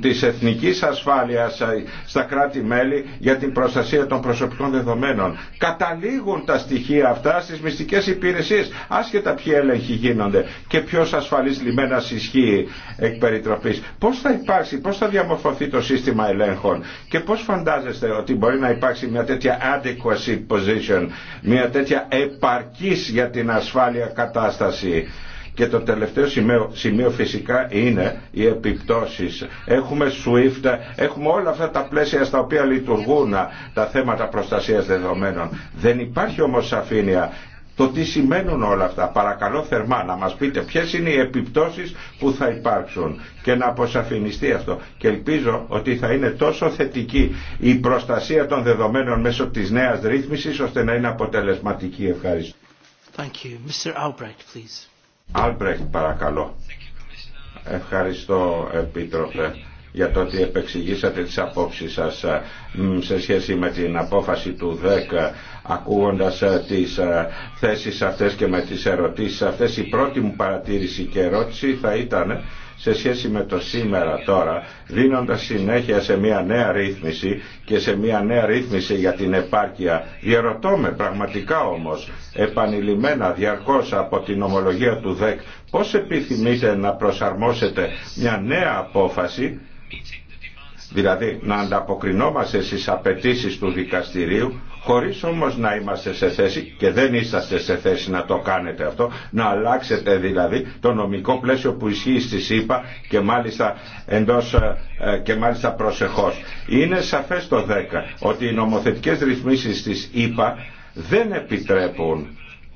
της εθνικής ασφάλειας ε, στα κράτη-μέλη για την προστασία των προσωπικών δεδομένων. Καταλήγουν τα στοιχεία αυτά στις μυστικές υπηρεσίες, άσχετα ποιοι έλεγχοι γίνονται και ποιος ασφαλής λιμένας ισχύει εκ περιτροπής. Πώς θα υπάρξει, πώς θα διαμορφωθεί το σύστημα ελέγχων και πώς φαντάζεστε ότι μπορεί να υπάρξει μια τέτοια adequacy position, μια τέτοια επαρκής για την ασφάλεια κατάσταση και το τελευταίο σημείο, σημείο φυσικά είναι οι επιπτώσεις. Έχουμε SWIFT, έχουμε όλα αυτά τα πλαίσια στα οποία λειτουργούν τα θέματα προστασίας δεδομένων. Δεν υπάρχει όμως σαφήνεια το τι σημαίνουν όλα αυτά. Παρακαλώ θερμά να μας πείτε ποιες είναι οι επιπτώσεις που θα υπάρξουν και να αποσαφινιστεί αυτό. Και ελπίζω ότι θα είναι τόσο θετική η προστασία των δεδομένων μέσω της νέας ρύθμισης ώστε να είναι αποτελεσματική. Ευχαριστώ. Thank Άλμπρεχτ παρακαλώ. Ευχαριστώ Επίτροπε για το ότι επεξηγήσατε τις απόψεις σας ε, σε σχέση με την απόφαση του ΔΕΚ ε, ακούγοντας ε, τις θέσεις αυτές και με τις ερωτήσεις αυτές η πρώτη μου παρατήρηση και ερώτηση θα ήταν σε σχέση με το σήμερα τώρα, δίνοντας συνέχεια σε μια νέα ρύθμιση και σε μια νέα ρύθμιση για την επάρκεια. Διαρωτώ με πραγματικά όμως, επανειλημμένα διαρκώς από την ομολογία του ΔΕΚ, πώς επιθυμείτε να προσαρμόσετε μια νέα απόφαση, δηλαδή να ανταποκρινόμαστε στις απαιτήσεις του δικαστηρίου, χωρίς όμως να είμαστε σε θέση και δεν είσαστε σε θέση να το κάνετε αυτό, να αλλάξετε δηλαδή το νομικό πλαίσιο που ισχύει στη ΣΥΠΑ και μάλιστα εντός ε, ε, και μάλιστα προσεχώς. Είναι σαφές το 10 ότι οι νομοθετικές ρυθμίσεις της ΕΠΑ δεν επιτρέπουν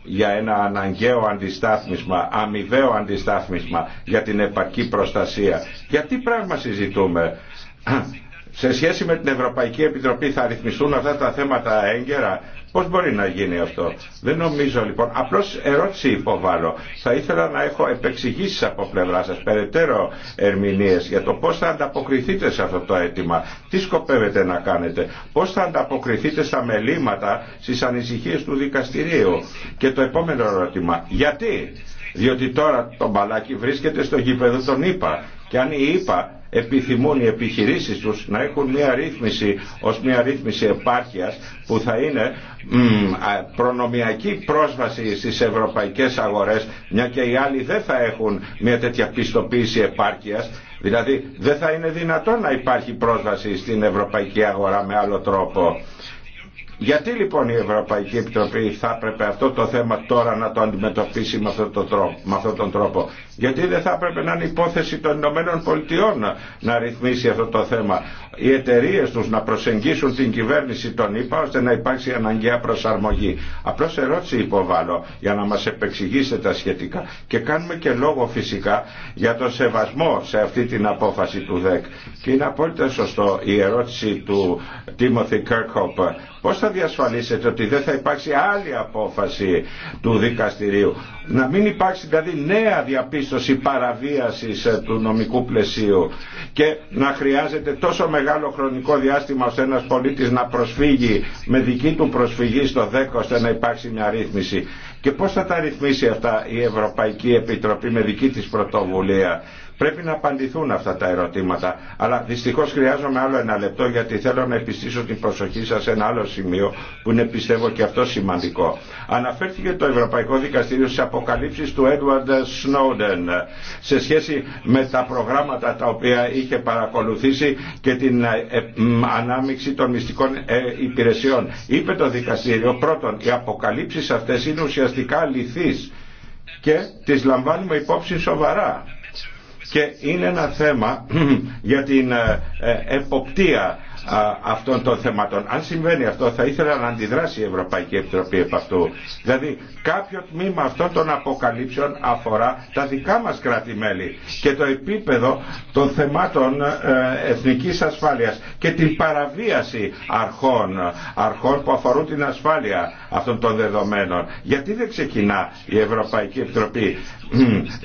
για ένα αναγκαίο αντιστάθμισμα, αμοιβαίο αντιστάθμισμα για την επαρκή προστασία. Για τι πράγμα συζητούμε σε σχέση με την Ευρωπαϊκή Επιτροπή θα ρυθμιστούν αυτά τα θέματα έγκαιρα. Πώς μπορεί να γίνει αυτό. Δεν νομίζω λοιπόν. Απλώς ερώτηση υποβάλλω. Θα ήθελα να έχω επεξηγήσει από πλευρά σας, περαιτέρω ερμηνείες για το πώς θα ανταποκριθείτε σε αυτό το αίτημα. Τι σκοπεύετε να κάνετε. Πώς θα ανταποκριθείτε στα μελήματα, στις ανησυχίες του δικαστηρίου. Και το επόμενο ερώτημα. Γιατί. Διότι τώρα το μπαλάκι βρίσκεται στο γήπεδο των ΙΠΑ. Και αν ΙΠΑ επιθυμούν οι επιχειρήσεις τους να έχουν μια ρύθμιση ως μια ρύθμιση επάρκειας που θα είναι προνομιακή πρόσβαση στις ευρωπαϊκές αγορές μια και οι άλλοι δεν θα έχουν μια τέτοια πιστοποίηση επάρκειας δηλαδή δεν θα είναι δυνατόν να υπάρχει πρόσβαση στην ευρωπαϊκή αγορά με άλλο τρόπο γιατί λοιπόν η Ευρωπαϊκή Επιτροπή θα έπρεπε αυτό το θέμα τώρα να το αντιμετωπίσει με αυτόν τον τρόπο, Γιατί δεν θα έπρεπε να είναι υπόθεση των Ηνωμένων Πολιτειών να ρυθμίσει αυτό το θέμα. Οι εταιρείε του να προσεγγίσουν την κυβέρνηση των ΗΠΑ ώστε να υπάρξει αναγκαία προσαρμογή. Απλώ ερώτηση υποβάλλω για να μα επεξηγήσετε τα σχετικά. Και κάνουμε και λόγο φυσικά για το σεβασμό σε αυτή την απόφαση του ΔΕΚ. Και είναι απόλυτα σωστό η ερώτηση του Τίμωθη Κέρκοπ Πώς θα διασφαλίσετε ότι δεν θα υπάρξει άλλη απόφαση του δικαστηρίου. Να μην υπάρξει δηλαδή νέα διαπίστωση παραβίασης ε, του νομικού πλαισίου και να χρειάζεται τόσο μεγάλο χρονικό διάστημα ώστε ένας πολίτης να προσφύγει με δική του προσφυγή στο 10 ώστε να υπάρξει μια ρύθμιση. Και πώς θα τα ρυθμίσει αυτά η Ευρωπαϊκή Επιτροπή με δική της πρωτοβουλία Πρέπει να απαντηθούν αυτά τα ερωτήματα. Αλλά δυστυχώ χρειάζομαι άλλο ένα λεπτό γιατί θέλω να επιστήσω την προσοχή σας σε ένα άλλο σημείο που είναι πιστεύω και αυτό σημαντικό. Αναφέρθηκε το Ευρωπαϊκό Δικαστήριο στι αποκαλύψει του Έντουαρντ Σνόντεν σε σχέση με τα προγράμματα τα οποία είχε παρακολουθήσει και την ε, ανάμειξη των μυστικών ε, υπηρεσιών. Είπε το δικαστήριο πρώτον οι αποκαλύψεις αυτές είναι ουσιαστικά αληθείς και τις λαμβάνουμε υπόψη σοβαρά και είναι ένα θέμα για την ε, ε, εποπτεία αυτών των θεμάτων. Αν συμβαίνει αυτό θα ήθελα να αντιδράσει η Ευρωπαϊκή Επιτροπή επ' αυτού. Δηλαδή κάποιο τμήμα αυτών των αποκαλύψεων αφορά τα δικά μας κράτη-μέλη και το επίπεδο των θεμάτων ε, εθνικής ασφάλειας και την παραβίαση αρχών, αρχών που αφορούν την ασφάλεια αυτών των δεδομένων. Γιατί δεν ξεκινά η Ευρωπαϊκή Επιτροπή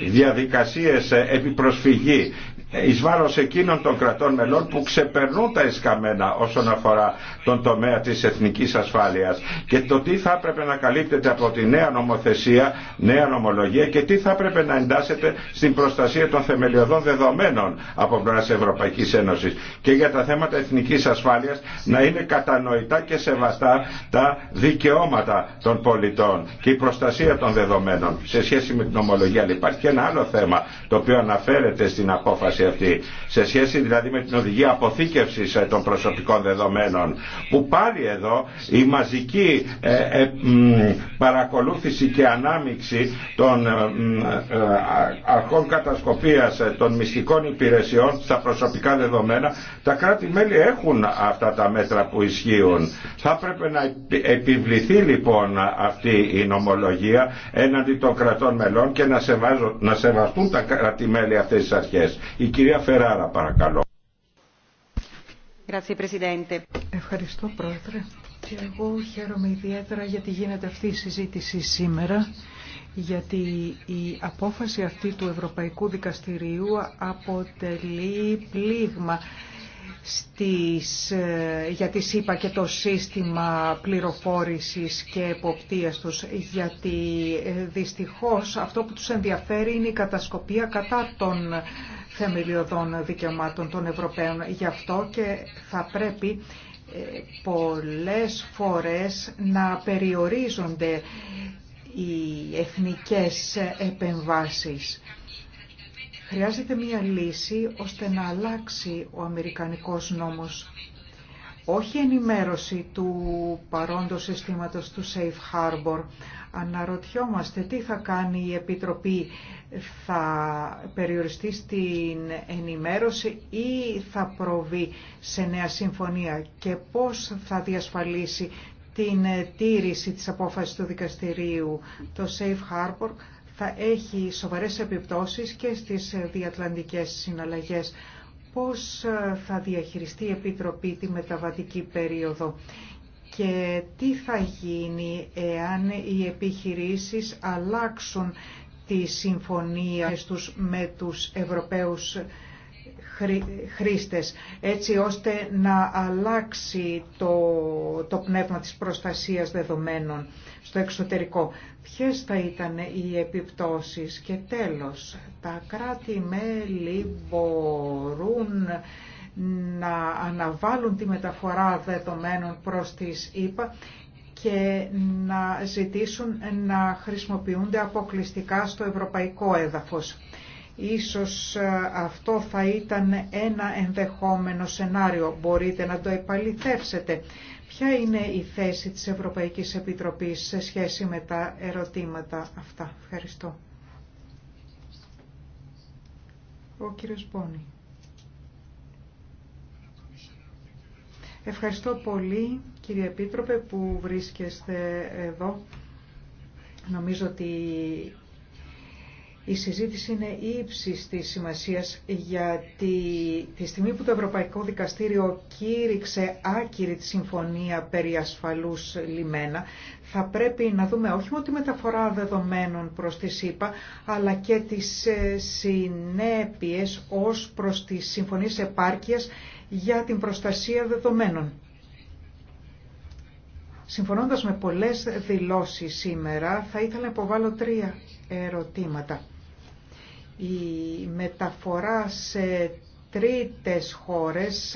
διαδικασίες ε, επιπροσφυγή εις βάρος εκείνων των κρατών μελών που ξεπερνούν τα εσκαμμένα όσον αφορά τον τομέα της εθνικής ασφάλειας και το τι θα έπρεπε να καλύπτεται από τη νέα νομοθεσία, νέα νομολογία και τι θα έπρεπε να εντάσσεται στην προστασία των θεμελιωδών δεδομένων από πλευρά Ευρωπαϊκής Ένωσης και για τα θέματα εθνικής ασφάλειας να είναι κατανοητά και σεβαστά τα δικαιώματα των πολιτών και η προστασία των δεδομένων σε σχέση με την ομολογία. Λοιπόν, και ένα άλλο θέμα το οποίο αναφέρεται στην απόφαση αυτή. Σε σχέση δηλαδή με την οδηγία αποθήκευσης ε, των προσωπικών δεδομένων που πάλι εδώ η μαζική ε, ε, παρακολούθηση και ανάμιξη των αρχών κατασκοπίας των μυστικών υπηρεσιών στα προσωπικά δεδομένα τα κράτη-μέλη έχουν αυτά τα μέτρα που ισχύουν. Θα πρέπει να επιβληθεί λοιπόν αυτή η νομολογία έναντι των κρατών μελών και να, να σεβαστούν τα κράτη-μέλη αυτές τις αρχές. Η κυρία Φεράρα παρακαλώ. Ευχαριστώ πρόεδρε. Και εγώ χαίρομαι ιδιαίτερα γιατί γίνεται αυτή η συζήτηση σήμερα γιατί η απόφαση αυτή του Ευρωπαϊκού Δικαστηρίου αποτελεί πλήγμα στις, ε, γιατί είπα και το σύστημα πληροφόρησης και εποπτείας τους, γιατί ε, δυστυχώς αυτό που τους ενδιαφέρει είναι η κατασκοπία κατά των θεμελιωδών δικαιωμάτων των Ευρωπαίων. Γι' αυτό και θα πρέπει ε, πολλές φορές να περιορίζονται οι εθνικές επεμβάσεις Χρειάζεται μία λύση ώστε να αλλάξει ο Αμερικανικός νόμος. Όχι ενημέρωση του παρόντος συστήματος του Safe Harbor. Αναρωτιόμαστε τι θα κάνει η Επιτροπή. Θα περιοριστεί στην ενημέρωση ή θα προβεί σε νέα συμφωνία και πώς θα διασφαλίσει την τήρηση της απόφασης του δικαστηρίου το Safe Harbor θα έχει σοβαρές επιπτώσεις και στις διατλαντικές συναλλαγές. Πώς ε, θα διαχειριστεί η Επιτροπή τη μεταβατική περίοδο και τι θα γίνει εάν οι επιχειρήσεις αλλάξουν τη συμφωνία τους με τους Ευρωπαίους χρήστες, έτσι ώστε να αλλάξει το, το πνεύμα της προστασίας δεδομένων στο εξωτερικό. Ποιες θα ήταν οι επιπτώσεις και τέλος, τα κράτη-μέλη μπορούν να αναβάλουν τη μεταφορά δεδομένων προς τις ΗΠΑ και να ζητήσουν να χρησιμοποιούνται αποκλειστικά στο ευρωπαϊκό έδαφος. Ίσως ε, αυτό θα ήταν ένα ενδεχόμενο σενάριο. Μπορείτε να το επαληθεύσετε. Ποια είναι η θέση της Ευρωπαϊκής Επιτροπής σε σχέση με τα ερωτήματα αυτά. Ευχαριστώ. Ο κύριος Πόνη; Ευχαριστώ πολύ κύριε Επίτροπε που βρίσκεστε εδώ. Νομίζω ότι η συζήτηση είναι ύψη της σημασίας γιατί τη στιγμή που το Ευρωπαϊκό Δικαστήριο κήρυξε άκυρη τη συμφωνία περί ασφαλούς λιμένα, θα πρέπει να δούμε όχι μόνο τη μεταφορά δεδομένων προς τη ΣΥΠΑ, αλλά και τις ε, συνέπειες ως προς τη συμφωνίες επάρκειας για την προστασία δεδομένων. Συμφωνώντας με πολλές δηλώσεις σήμερα, θα ήθελα να υποβάλω τρία ερωτήματα. Η μεταφορά σε τρίτες χώρες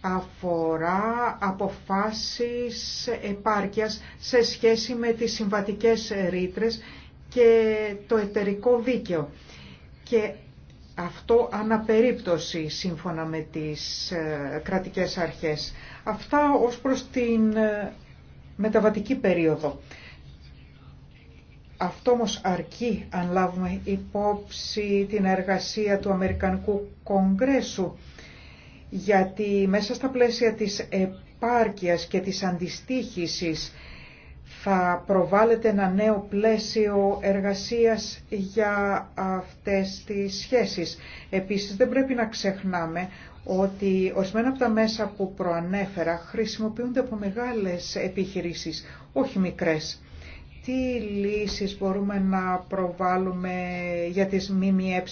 αφορά αποφάσεις επάρκειας σε σχέση με τις συμβατικές ρήτρες και το εταιρικό δίκαιο. Και αυτό αναπερίπτωση σύμφωνα με τις ε, κρατικές αρχές. Αυτά ως προς την ε, μεταβατική περίοδο. Αυτό όμω αρκεί αν λάβουμε υπόψη την εργασία του Αμερικανικού Κογκρέσου γιατί μέσα στα πλαίσια της επάρκειας και της αντιστήχησης θα προβάλλεται ένα νέο πλαίσιο εργασίας για αυτές τις σχέσεις. Επίσης δεν πρέπει να ξεχνάμε ότι ορισμένα από τα μέσα που προανέφερα χρησιμοποιούνται από μεγάλες επιχειρήσεις, όχι μικρές τι λύσεις μπορούμε να προβάλλουμε για τις ΜΜΕ,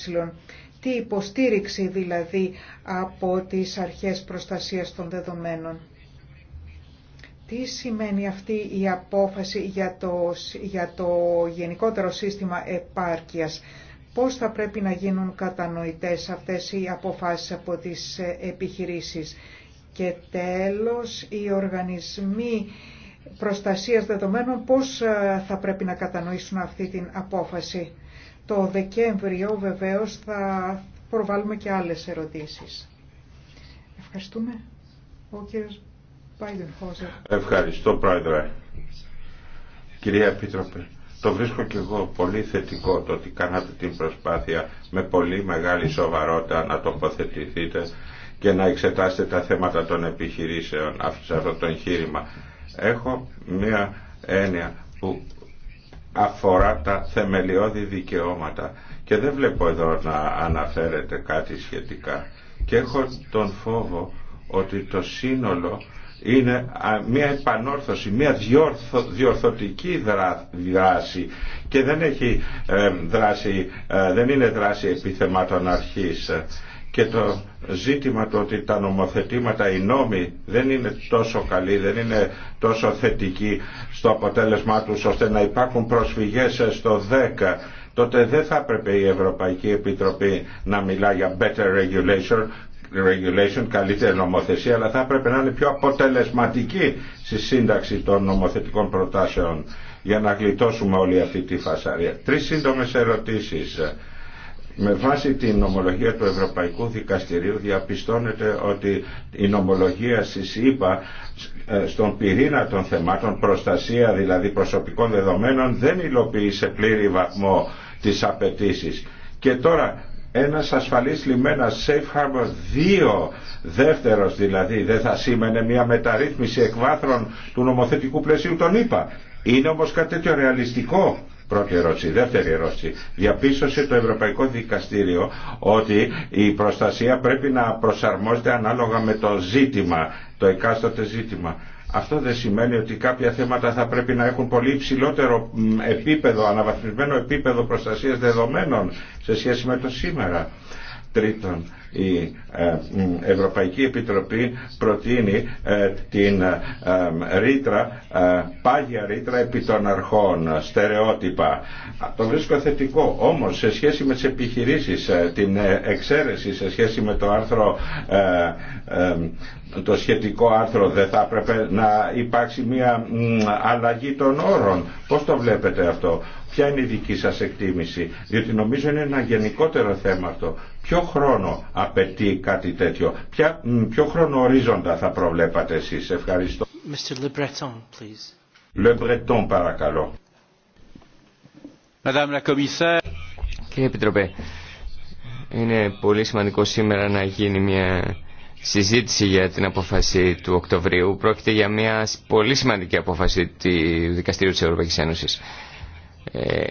τι υποστήριξη δηλαδή από τις αρχές προστασίας των δεδομένων. Τι σημαίνει αυτή η απόφαση για το, για το γενικότερο σύστημα επάρκειας. Πώς θα πρέπει να γίνουν κατανοητές αυτές οι αποφάσεις από τις επιχειρήσεις. Και τέλος, οι οργανισμοί προστασίας δεδομένων πώς ε, θα πρέπει να κατανοήσουν αυτή την απόφαση. Το Δεκέμβριο βεβαίως θα προβάλλουμε και άλλες ερωτήσεις. Ευχαριστούμε. Ο κύριος Ευχαριστώ Πρόεδρε. Κυρία Επίτροπε, το βρίσκω και εγώ πολύ θετικό το ότι κάνατε την προσπάθεια με πολύ μεγάλη σοβαρότητα να τοποθετηθείτε και να εξετάσετε τα θέματα των επιχειρήσεων σε αυτό το εγχείρημα. Έχω μια έννοια που αφορά τα θεμελιώδη δικαιώματα και δεν βλέπω εδώ να αναφέρεται κάτι σχετικά και έχω τον φόβο ότι το σύνολο είναι μια επανόρθωση, μια διορθωτική δράση και δεν έχει ε, δράση, ε, δεν είναι δράση επιθεμάτων αρχής και το ζήτημα το ότι τα νομοθετήματα, οι νόμοι δεν είναι τόσο καλοί, δεν είναι τόσο θετικοί στο αποτέλεσμά τους ώστε να υπάρχουν προσφυγές στο 10 τότε δεν θα έπρεπε η Ευρωπαϊκή Επιτροπή να μιλά για better regulation, regulation καλύτερη νομοθεσία, αλλά θα έπρεπε να είναι πιο αποτελεσματική στη σύνταξη των νομοθετικών προτάσεων για να γλιτώσουμε όλη αυτή τη φασαρία. Τρεις σύντομες ερωτήσεις με βάση την νομολογία του Ευρωπαϊκού Δικαστηρίου διαπιστώνεται ότι η νομολογία στις ΗΠΑ ε, στον πυρήνα των θεμάτων προστασία δηλαδή προσωπικών δεδομένων δεν υλοποιεί σε πλήρη βαθμό τις απαιτήσεις. Και τώρα ένας ασφαλής λιμένας Safe Harbor 2 δεύτερος δηλαδή δεν θα σήμαινε μια μεταρρύθμιση εκβάθρων του νομοθετικού πλαισίου των ΗΠΑ. Είναι όμως κάτι τέτοιο ρεαλιστικό Πρώτη ερώτηση. Δεύτερη ερώτηση. Διαπίστωσε το Ευρωπαϊκό Δικαστήριο ότι η προστασία πρέπει να προσαρμόζεται ανάλογα με το ζήτημα, το εκάστοτε ζήτημα. Αυτό δεν σημαίνει ότι κάποια θέματα θα πρέπει να έχουν πολύ υψηλότερο επίπεδο, αναβαθμισμένο επίπεδο προστασίας δεδομένων σε σχέση με το σήμερα. Τρίτον, η ε, Ευρωπαϊκή Επιτροπή προτείνει ε, την ε, ρήτρα, πάγια ρήτρα επί των αρχών, στερεότυπα. Το βρίσκω θετικό, όμως σε σχέση με τις επιχειρήσεις, την εξαίρεση σε σχέση με το άρθρο το σχετικό άρθρο δεν θα έπρεπε να υπάρξει μια αλλαγή των όρων. Πώς το βλέπετε αυτό. Ποια είναι η δική σας εκτίμηση, διότι νομίζω είναι ένα γενικότερο θέμα αυτό. Ποιο χρόνο απαιτεί κάτι τέτοιο, ποιο χρόνο ορίζοντα θα προβλέπατε εσείς. Ευχαριστώ. Mr. Le Breton, please. Le Breton, παρακαλώ. Madame la Commissaire. Κύριε Επιτροπέ, είναι πολύ σημαντικό σήμερα να γίνει μια συζήτηση για την απόφαση του Οκτωβρίου. Πρόκειται για μια πολύ σημαντική απόφαση του Δικαστηρίου της Ευρωπαϊκής Ένωσης. Ε,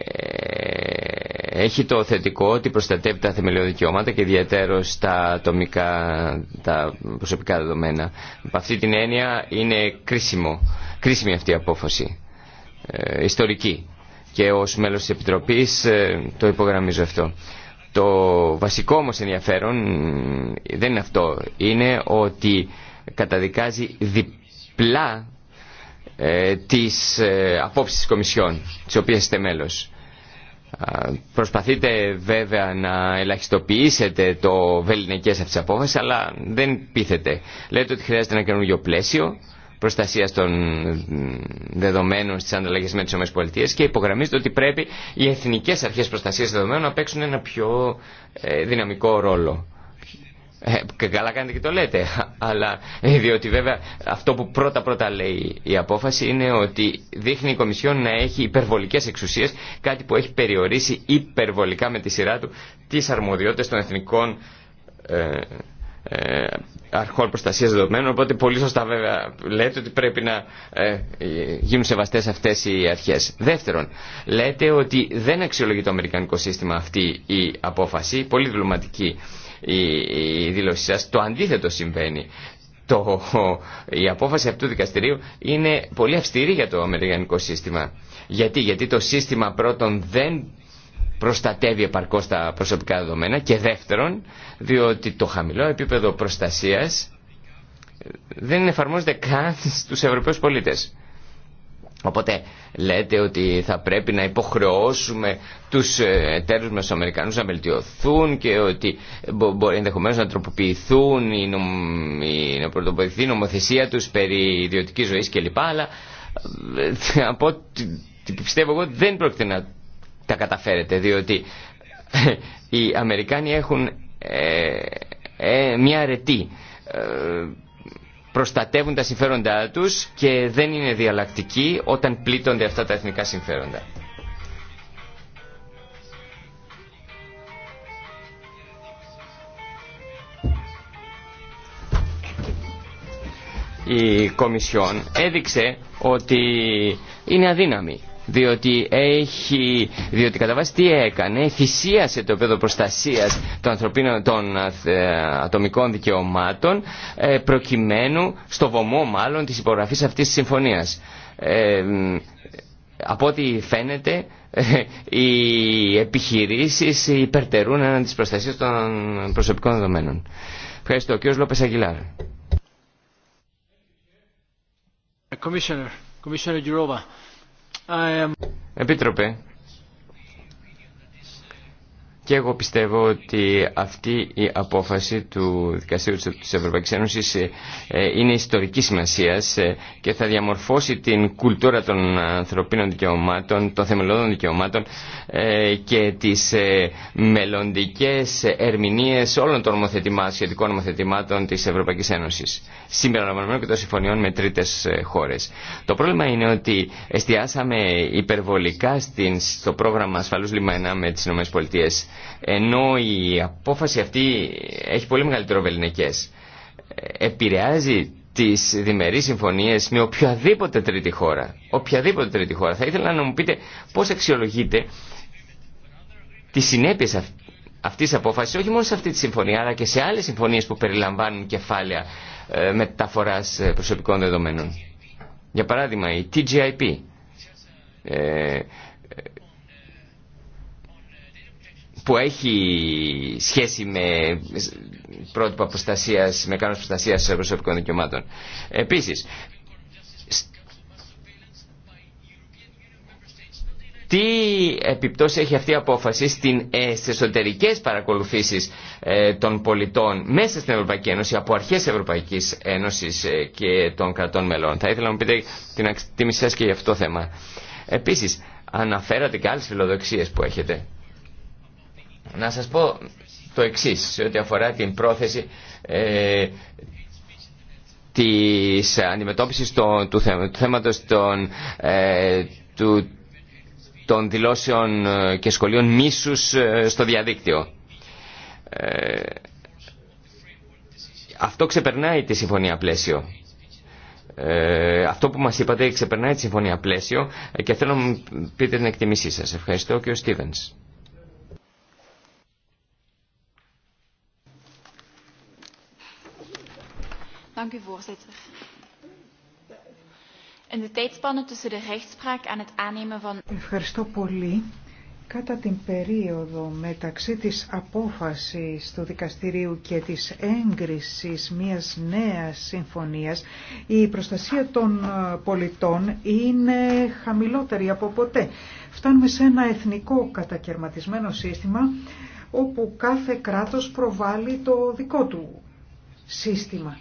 έχει το θετικό ότι προστατεύει τα θεμελιώδη δικαιώματα και ιδιαίτερο τα ατομικά, τα προσωπικά δεδομένα. Από αυτή την έννοια είναι κρίσιμο, κρίσιμη αυτή η απόφαση, ε, ιστορική. Και ως μέλος της Επιτροπής ε, το υπογραμμίζω αυτό. Το βασικό όμως ενδιαφέρον δεν είναι αυτό, είναι ότι καταδικάζει διπλά ε, τις ε, της Κομισιόν, της οποίας είστε μέλος. Προσπαθείτε βέβαια να ελαχιστοποιήσετε το βεληνικές αυτής της απόφασης, αλλά δεν πείθετε. Λέτε ότι χρειάζεται ένα καινούργιο πλαίσιο προστασία των δεδομένων στι ανταλλαγέ με τι ΟΠΑ και υπογραμμίζεται ότι πρέπει οι εθνικέ αρχέ προστασία δεδομένων να παίξουν ένα πιο ε, δυναμικό ρόλο. Ε, καλά κάνετε και το λέτε, αλλά ε, διότι βέβαια αυτό που πρώτα πρώτα λέει η απόφαση είναι ότι δείχνει η Κομισιόν να έχει υπερβολικές εξουσίες, κάτι που έχει περιορίσει υπερβολικά με τη σειρά του τις αρμοδιότητες των εθνικών ε, ε αρχών προστασίας δεδομένων, οπότε πολύ σωστά βέβαια λέτε ότι πρέπει να ε, γίνουν σεβαστές αυτές οι αρχές. Δεύτερον, λέτε ότι δεν αξιολογεί το αμερικανικό σύστημα αυτή η απόφαση, πολύ διπλωματική η, δήλωσή σας. Το αντίθετο συμβαίνει. Το, η απόφαση αυτού του δικαστηρίου είναι πολύ αυστηρή για το αμερικανικό σύστημα. Γιατί, γιατί το σύστημα πρώτον δεν προστατεύει επαρκώς τα προσωπικά δεδομένα και δεύτερον διότι το χαμηλό επίπεδο προστασίας δεν εφαρμόζεται καν στους Ευρωπαίους πολίτες. Οπότε λέτε ότι θα πρέπει να υποχρεώσουμε τους ε, εταίρους μεσοαμερικανούς να βελτιωθούν και ότι μπορεί ενδεχομένω να τροποποιηθούν ή να πρωτοποθηθεί η να η νομοθεσια τους περί ιδιωτικής ζωής κλπ. Αλλά ε, από ό,τι πιστεύω εγώ δεν πρόκειται να τα καταφέρετε διότι ε, οι Αμερικάνοι έχουν ε, μια αρετή προστατεύουν τα συμφέροντά τους και δεν είναι διαλλακτικοί όταν πλήττονται αυτά τα εθνικά συμφέροντα. Η Κομισιόν έδειξε ότι είναι αδύναμη διότι, έχει, διότι κατά βάση τι έκανε, θυσίασε το επίπεδο προστασίας των, ε, ατομικών δικαιωμάτων ε, προκειμένου στο βωμό μάλλον της υπογραφής αυτής της συμφωνίας. Ε, από ό,τι φαίνεται οι επιχειρήσεις υπερτερούν έναν της προστασίας των προσωπικών δεδομένων. Ευχαριστώ. Ο κ. Λόπες Αγγιλάρ. Commissioner, Commissioner ε, Επίτροπε, και εγώ πιστεύω ότι αυτή η απόφαση του Δικαστήριου της Ευρωπαϊκής Ένωσης ε, ε, είναι ιστορική σημασίας ε, και θα διαμορφώσει την κουλτούρα των ανθρωπίνων δικαιωμάτων, των θεμελιώδων δικαιωμάτων και τις μελλοντικές ερμηνείες όλων των νομοθετημάτων, σχετικών νομοθετημάτων της Ευρωπαϊκής Ένωσης. Σήμερα αναμενόμενο και των συμφωνιών με τρίτες χώρες. Το πρόβλημα είναι ότι εστιάσαμε υπερβολικά στο πρόγραμμα ασφαλούς λιμανά με τις ΗΠΑ ενώ η απόφαση αυτή έχει πολύ μεγαλύτερο βεληνικές. Ε, επηρεάζει τις διμερείς συμφωνίες με οποιαδήποτε τρίτη χώρα. Οποιαδήποτε τρίτη χώρα. Θα ήθελα να μου πείτε πώς αξιολογείτε τις συνέπειες αυτή αυτής της απόφασης, όχι μόνο σε αυτή τη συμφωνία, αλλά και σε άλλες συμφωνίες που περιλαμβάνουν κεφάλαια ε, μεταφοράς ε, προσωπικών δεδομένων. Για παράδειγμα, η TGIP που έχει σχέση με πρότυπα προστασία, με κάνω προστασία προσωπικών δικαιωμάτων. Επίση, τι επιπτώσει έχει αυτή η απόφαση ε, στι εσωτερικέ παρακολουθήσει ε, των πολιτών μέσα στην Ευρωπαϊκή Ένωση από αρχές Ευρωπαϊκής Ένωσης ε, και των κρατών μελών. Θα ήθελα να μου πείτε την εκτίμησή σας και για αυτό το θέμα. Επίση, αναφέρατε και άλλε φιλοδοξίε που έχετε να σας πω το εξής σε ό,τι αφορά την πρόθεση ε, της αντιμετώπισης του, του θέματος των, ε, του, των δηλώσεων ε, και σχολείων μίσους ε, στο διαδίκτυο. Ε, αυτό ξεπερνάει τη συμφωνία πλαίσιο. Ε, αυτό που μας είπατε ξεπερνάει τη συμφωνία πλαίσιο και θέλω να πείτε την εκτιμήσή σας. Ευχαριστώ και ο Στίβενς. de tussen Ευχαριστώ πολύ. Κατά την περίοδο μεταξύ της απόφασης του δικαστηρίου και της έγκρισης μιας νέας συμφωνίας, η προστασία των ε, πολιτών είναι χαμηλότερη από ποτέ. Φτάνουμε σε ένα εθνικό κατακαιρματισμένο σύστημα όπου κάθε κράτος προβάλλει το δικό του σύστημα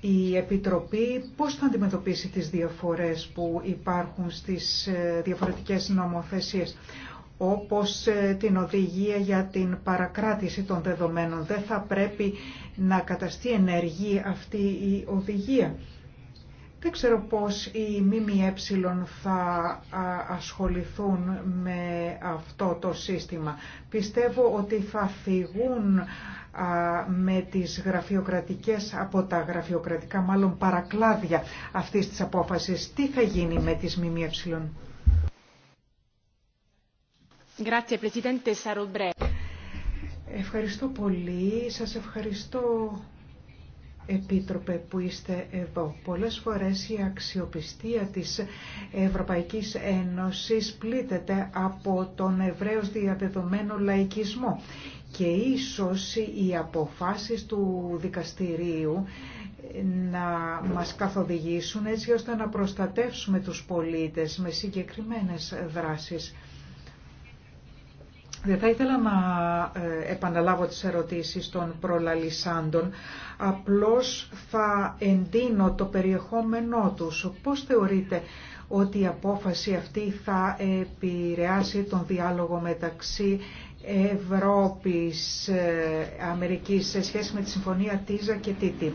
η Επιτροπή πώς θα αντιμετωπίσει τις διαφορές που υπάρχουν στις ε, διαφορετικές νομοθεσίες όπως ε, την οδηγία για την παρακράτηση των δεδομένων. Δεν θα πρέπει να καταστεί ενεργή αυτή η οδηγία. Δεν ξέρω πώς οι ΜΜΕ θα ασχοληθούν με αυτό το σύστημα. Πιστεύω ότι θα φυγούν με τις γραφειοκρατικές, από τα γραφειοκρατικά μάλλον παρακλάδια αυτής της απόφασης. Τι θα γίνει με τις ΜΜΕ. Ευχαριστώ πολύ. Σας ευχαριστώ Επίτροπε που είστε εδώ. Πολλές φορές η αξιοπιστία της Ευρωπαϊκής Ένωσης πλήττεται από τον ευρέως διαδεδομένο λαϊκισμό και ίσως οι αποφάσεις του δικαστηρίου να μας καθοδηγήσουν έτσι ώστε να προστατεύσουμε τους πολίτες με συγκεκριμένες δράσεις. Δεν θα ήθελα να ε, επαναλάβω τις ερωτήσεις των προλαλισάντων, απλώς θα εντείνω το περιεχόμενό τους. Πώς θεωρείτε ότι η απόφαση αυτή θα επηρεάσει τον διάλογο μεταξύ Ευρώπης ε, Αμερικής σε σχέση με τη συμφωνία Τίζα και TTIP,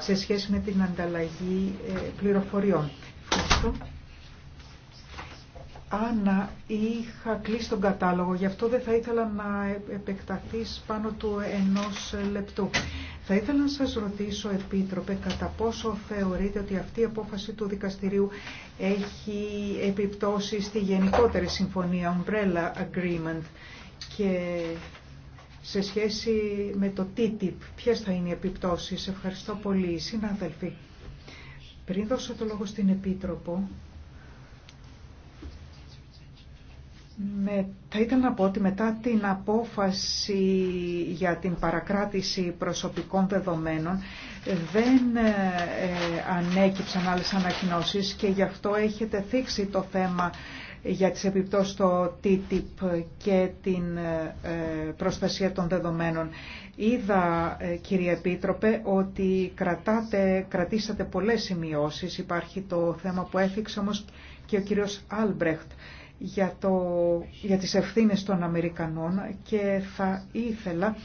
σε σχέση με την ανταλλαγή ε, πληροφοριών. Ευχαριστώ. Άννα, είχα κλείσει τον κατάλογο, γι' αυτό δεν θα ήθελα να επεκταθείς πάνω του ενός λεπτού. Θα ήθελα να σας ρωτήσω, Επίτροπε, κατά πόσο θεωρείτε ότι αυτή η απόφαση του δικαστηρίου έχει επιπτώσει στη γενικότερη συμφωνία Umbrella Agreement και σε σχέση με το TTIP, ποιες θα είναι οι επιπτώσεις. Ευχαριστώ πολύ, συνάδελφοι. Πριν δώσω το λόγο στην Επίτροπο, με, θα ήθελα να πω ότι μετά την απόφαση για την παρακράτηση προσωπικών δεδομένων δεν ε, ε, ανέκυψαν άλλες ανακοινώσεις και γι' αυτό έχετε θίξει το θέμα για τις επιπτώσεις στο TTIP και την ε, προστασία των δεδομένων. Είδα, ε, κύριε Επίτροπε, ότι κρατάτε, κρατήσατε πολλές σημειώσεις. Υπάρχει το θέμα που έφυξε όμως και ο κύριος Άλμπρεχτ για, το, για τις ευθύνες των Αμερικανών και θα ήθελα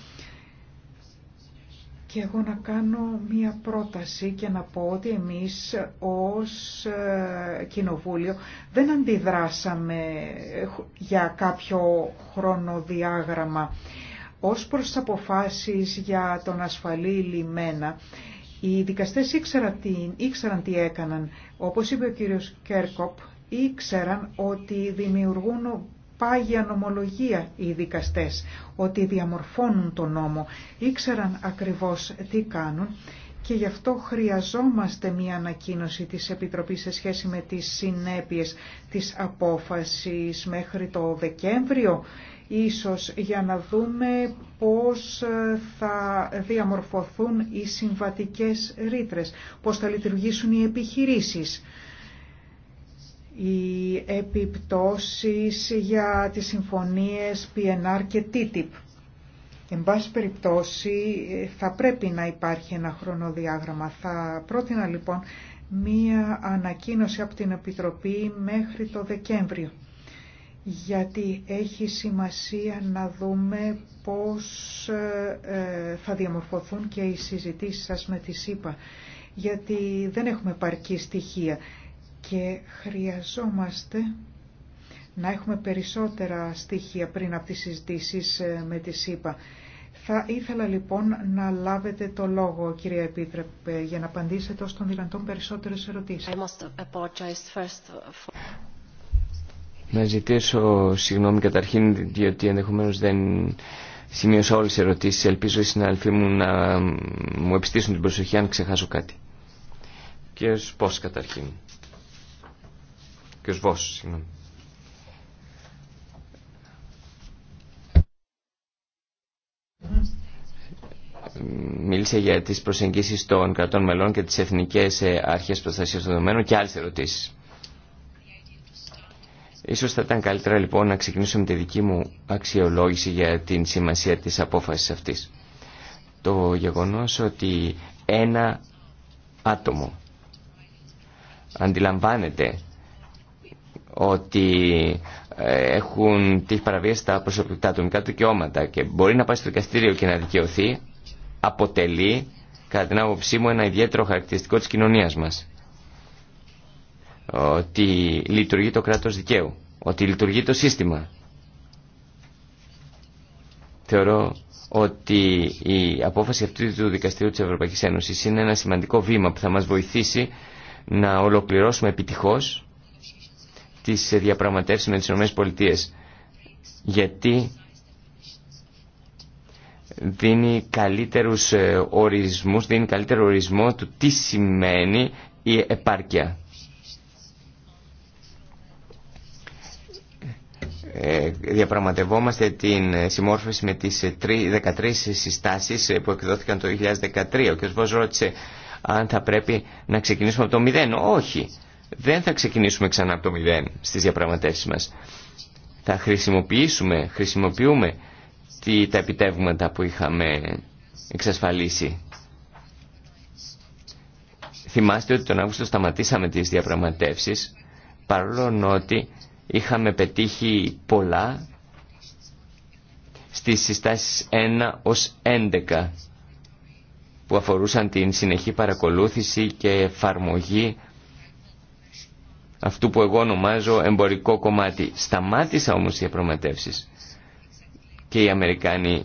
και εγώ να κάνω μία πρόταση και να πω ότι εμείς ως ε, Κοινοβούλιο δεν αντιδράσαμε ε, για κάποιο χρονοδιάγραμμα. Ως προς τις αποφάσεις για τον ασφαλή λιμένα, οι δικαστές ήξεραν τι, ήξεραν τι έκαναν. Όπως είπε ο κύριος Κέρκοπ, ήξεραν ότι δημιουργούν πάγια νομολογία οι δικαστές, ότι διαμορφώνουν τον νόμο, ήξεραν ακριβώς τι κάνουν και γι' αυτό χρειαζόμαστε μία ανακοίνωση της Επιτροπής σε σχέση με τις συνέπειες της απόφασης μέχρι το Δεκέμβριο, ίσως για να δούμε πώς ε, θα διαμορφωθούν οι συμβατικές ρήτρες, πώς θα λειτουργήσουν οι επιχειρήσεις οι επιπτώσεις για τις συμφωνίες PNR και TTIP. Εν πάση περιπτώσει θα πρέπει να υπάρχει ένα χρονοδιάγραμμα. Θα πρότεινα λοιπόν μία ανακοίνωση από την Επιτροπή μέχρι το Δεκέμβριο. Γιατί έχει σημασία να δούμε πώς ε, ε, θα διαμορφωθούν και οι συζητήσεις σας με τη ΣΥΠΑ. Γιατί δεν έχουμε παρκή στοιχεία και χρειαζόμαστε να έχουμε περισσότερα στοιχεία πριν από τις συζητήσεις ε, με τη ΣΥΠΑ. Θα ήθελα λοιπόν να λάβετε το λόγο, κυρία Επίτρεπε, για να απαντήσετε ως των δυνατόν περισσότερες ερωτήσεις. Να ζητήσω συγγνώμη καταρχήν, διότι ενδεχομένως δεν σημείωσα όλες τις ερωτήσεις. Ελπίζω οι συναδελφοί μου να μου επιστήσουν την προσοχή αν ξεχάσω κάτι. Και Πώς καταρχήν. Και Βος, συγγνώμη. Μίλησε για τις προσεγγίσεις των κρατών μελών και τις εθνικές ε, αρχές προστασίας των δεδομένων και άλλες ερωτήσεις. Ίσως θα ήταν καλύτερα λοιπόν να ξεκινήσω με τη δική μου αξιολόγηση για την σημασία της απόφασης αυτής. Το γεγονός ότι ένα άτομο αντιλαμβάνεται ότι ε, έχουν τύχει παραβίαση τα προσωπικά ατομικά δικαιώματα και μπορεί να πάει στο δικαστήριο και να δικαιωθεί αποτελεί κατά την άποψή μου ένα ιδιαίτερο χαρακτηριστικό της κοινωνίας μας ότι λειτουργεί το κράτος δικαίου ότι λειτουργεί το σύστημα θεωρώ ότι η απόφαση αυτή του Δικαστηρίου της Ευρωπαϊκής Ένωσης είναι ένα σημαντικό βήμα που θα μας βοηθήσει να ολοκληρώσουμε επιτυχώς τις διαπραγματεύσεις με τις ΗΠΑ γιατί δίνει καλύτερους ε, ορισμούς, δίνει καλύτερο ορισμό του τι σημαίνει η επάρκεια. Ε, διαπραγματευόμαστε την συμμόρφωση με τις 13 ε, συστάσεις που εκδόθηκαν το 2013. Ο κ. Βος ρώτησε αν θα πρέπει να ξεκινήσουμε από το μηδέν. Όχι δεν θα ξεκινήσουμε ξανά από το μηδέν στις διαπραγματεύσεις μας. Θα χρησιμοποιήσουμε, χρησιμοποιούμε τι, τα επιτεύγματα που είχαμε εξασφαλίσει. Θυμάστε ότι τον Αύγουστο σταματήσαμε τις διαπραγματεύσεις παρόλο ότι είχαμε πετύχει πολλά στις συστάσεις 1 ως 11 που αφορούσαν την συνεχή παρακολούθηση και εφαρμογή αυτού που εγώ ονομάζω εμπορικό κομμάτι. Σταμάτησα όμως οι διαπραγματεύσεις και οι Αμερικάνοι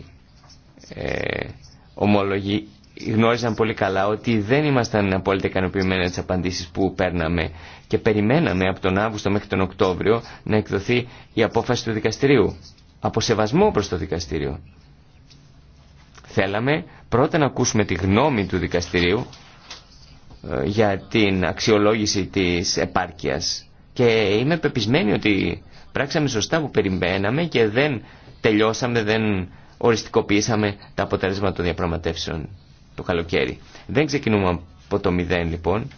ε, ομόλογοι γνώριζαν πολύ καλά ότι δεν ήμασταν απόλυτα ικανοποιημένοι απαντήσεις που παίρναμε και περιμέναμε από τον Αύγουστο μέχρι τον Οκτώβριο να εκδοθεί η απόφαση του δικαστηρίου. Από σεβασμό προς το δικαστήριο. Θέλαμε πρώτα να ακούσουμε τη γνώμη του δικαστηρίου για την αξιολόγηση της επάρκειας και είμαι πεπισμένη ότι πράξαμε σωστά που περιμέναμε και δεν τελειώσαμε, δεν οριστικοποιήσαμε τα αποτελέσματα των διαπραγματεύσεων το καλοκαίρι. Δεν ξεκινούμε από το μηδέν λοιπόν.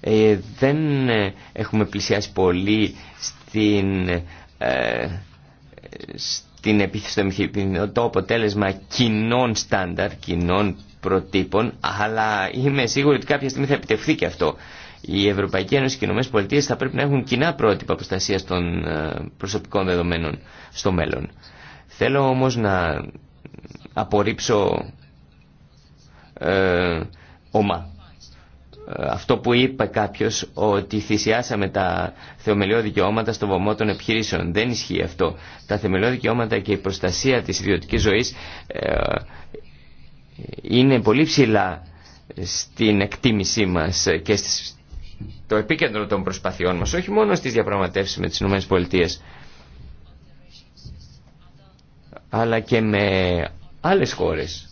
Ε, δεν ε, έχουμε πλησιάσει πολύ στην, ε, στην επίθεση Το αποτέλεσμα κοινών στάνταρ, κοινών προτύπων, αλλά είμαι σίγουρη ότι κάποια στιγμή θα επιτευχθεί και αυτό. Οι Ευρωπαϊκή Ένωση και οι ΗΠΑ θα πρέπει να έχουν κοινά πρότυπα προστασία των ε, προσωπικών δεδομένων στο μέλλον. Θέλω όμως να απορρίψω ε, ομά. Ε, αυτό που είπε κάποιος ότι θυσιάσαμε τα θεμελιώδη δικαιώματα στο βωμό των επιχειρήσεων. Δεν ισχύει αυτό. Τα θεμελιώδη δικαιώματα και η προστασία της ιδιωτικής ζωής ε, είναι πολύ ψηλά στην εκτίμησή μας και το επίκεντρο των προσπαθειών μας, όχι μόνο στις διαπραγματεύσεις με τις ΗΠΑ, αλλά και με άλλες χώρες.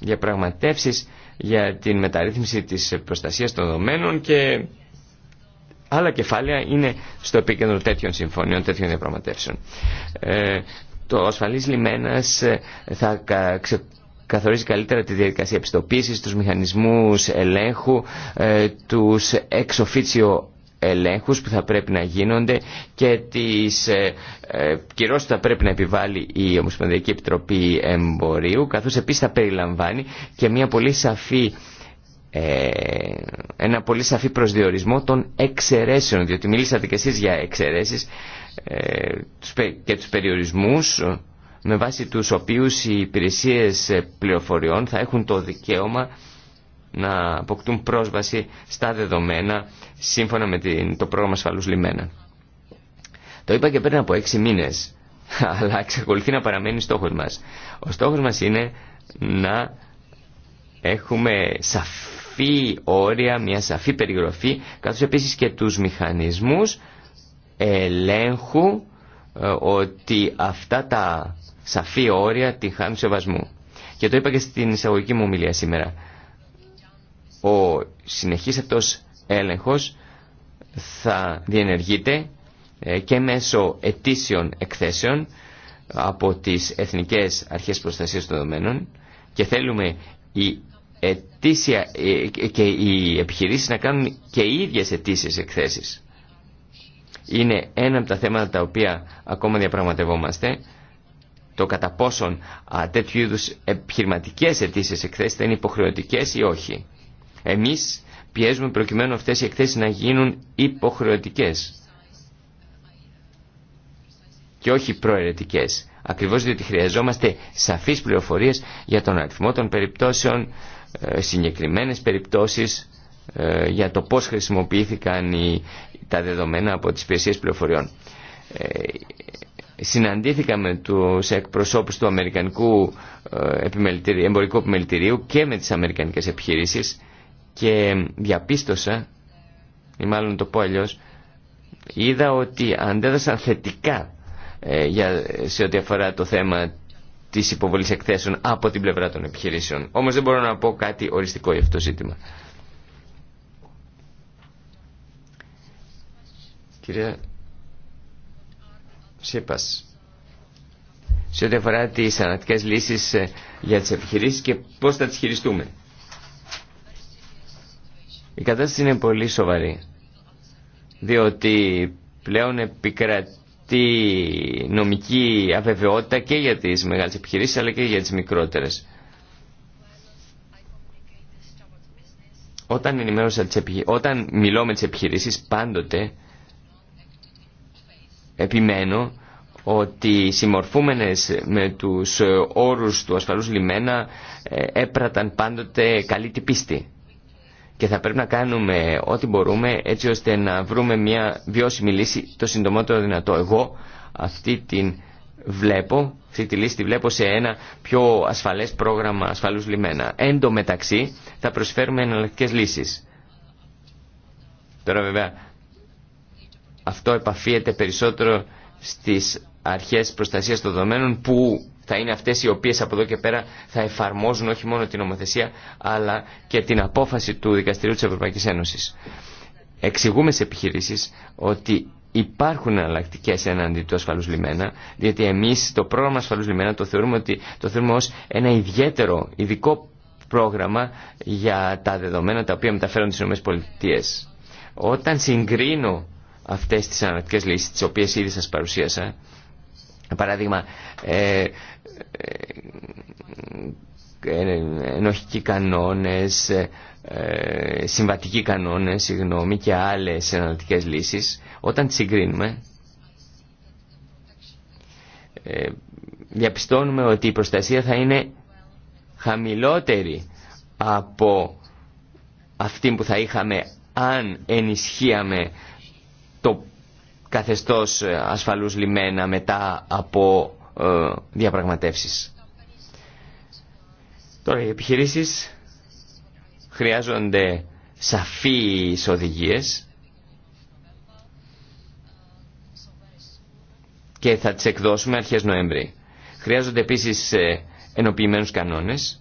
Διαπραγματεύσεις για την μεταρρύθμιση της προστασίας των δεδομένων και άλλα κεφάλαια είναι στο επίκεντρο τέτοιων συμφωνιών, τέτοιων διαπραγματεύσεων. Ε, το ασφαλής λιμένας θα, καθορίζει καλύτερα τη διαδικασία επιστοποίησης, τους μηχανισμούς ελέγχου, ε, τους εξοφίτσιο ελέγχους που θα πρέπει να γίνονται και τις ε, ε, κυρώσεις που θα πρέπει να επιβάλλει η Ομοσπονδιακή Επιτροπή Εμπορίου καθώς επίσης θα περιλαμβάνει και μια πολύ σαφή ε, ένα πολύ σαφή προσδιορισμό των εξαιρέσεων διότι μιλήσατε και εσείς για εξαιρέσεις και τους περιορισμούς με βάση τους οποίους οι υπηρεσίες πληροφοριών θα έχουν το δικαίωμα να αποκτούν πρόσβαση στα δεδομένα σύμφωνα με το πρόγραμμα ασφαλούς λιμένα. Το είπα και πριν από έξι μήνες, αλλά εξακολουθεί να παραμένει στόχος μας. Ο στόχος μας είναι να έχουμε σαφή όρια, μια σαφή περιγραφή, καθώς επίσης και τους μηχανισμούς ελέγχου ε, ότι αυτά τα σαφή όρια την χάνουν σεβασμού. Και το είπα και στην εισαγωγική μου ομιλία σήμερα. Ο συνεχής έλεγχος θα διενεργείται ε, και μέσω ετήσιων εκθέσεων από τις Εθνικές Αρχές Προστασίας των Δεδομένων και θέλουμε η ετήσια ε, και οι επιχειρήσεις να κάνουν και οι ίδιες ετήσιες εκθέσεις. Είναι ένα από τα θέματα τα οποία ακόμα διαπραγματευόμαστε το κατά πόσον α, τέτοιου είδους επιχειρηματικές αιτήσει εκθέσεις θα είναι υποχρεωτικές ή όχι. Εμείς πιέζουμε προκειμένου αυτές οι εκθέσεις να γίνουν υποχρεωτικές και όχι προαιρετικές. Ακριβώς διότι χρειαζόμαστε σαφείς πληροφορίες για τον αριθμό των περιπτώσεων, ε, συγκεκριμένες περιπτώσεις ε, για το πώς χρησιμοποιήθηκαν τα δεδομένα από τις υπηρεσίες πληροφοριών. Ε, συναντήθηκα με τους εκπροσώπους του Αμερικανικού ε, Εμπορικού Επιμελητηρίου και με τις Αμερικανικές επιχειρήσεις και διαπίστωσα, ή μάλλον το πω αλλιώ, είδα ότι αντέδρασαν θετικά ε, σε ό,τι αφορά το θέμα της υποβολής εκθέσεων από την πλευρά των επιχειρήσεων. Όμως δεν μπορώ να πω κάτι οριστικό για αυτό το ζήτημα. Κυρία ΣΥΠΑΣ σε ό,τι αφορά τις ανατικές λύσεις ε, για τις επιχειρήσεις και πώς θα τις χειριστούμε. Η κατάσταση είναι πολύ σοβαρή, διότι πλέον επικρατεί νομική αβεβαιότητα και για τις μεγάλες επιχειρήσεις αλλά και για τις μικρότερες. Όταν, Όταν μιλώ με επιχειρήσεις πάντοτε Επιμένω ότι οι συμμορφούμενες με τους όρους του ασφαλούς λιμένα ε, έπραταν πάντοτε καλή την πίστη. Και θα πρέπει να κάνουμε ό,τι μπορούμε έτσι ώστε να βρούμε μια βιώσιμη λύση το συντομότερο δυνατό. Εγώ αυτή την βλέπω, αυτή τη λύση τη βλέπω σε ένα πιο ασφαλές πρόγραμμα ασφαλούς λιμένα. Εν τω μεταξύ θα προσφέρουμε εναλλακτικές λύσεις. Τώρα βέβαια αυτό επαφίεται περισσότερο στις αρχές προστασίας των δεδομένων που θα είναι αυτές οι οποίες από εδώ και πέρα θα εφαρμόζουν όχι μόνο την νομοθεσία αλλά και την απόφαση του Δικαστηρίου της Ευρωπαϊκής Ένωσης. Εξηγούμε σε επιχειρήσεις ότι υπάρχουν εναλλακτικέ έναντι του ασφαλούς λιμένα, διότι εμείς το πρόγραμμα ασφαλούς λιμένα το θεωρούμε, ότι, το θεωρούμε ως ένα ιδιαίτερο, ειδικό πρόγραμμα για τα δεδομένα τα οποία μεταφέρουν τις ΗΠΑ. Όταν συγκρίνω αυτές τις αναλλακτικέ λύσεις, τις οποίες ήδη σας παρουσίασα. Παράδειγμα, ε, ε, ε ενοχικοί κανόνες, ε, συμβατικοί κανόνες, συγγνώμη, και άλλες αναλλακτικέ λύσεις, όταν τις συγκρίνουμε, διαπιστώνουμε ότι η προστασία θα είναι χαμηλότερη από αυτή που θα είχαμε αν ενισχύαμε το καθεστώς ε, ασφαλούς λιμένα μετά από ε, διαπραγματεύσεις. Τώρα οι επιχειρήσεις χρειάζονται σαφείς οδηγίες και θα τις εκδώσουμε αρχές Νοέμβρη. Χρειάζονται επίσης ε, ενοποιημένους κανόνες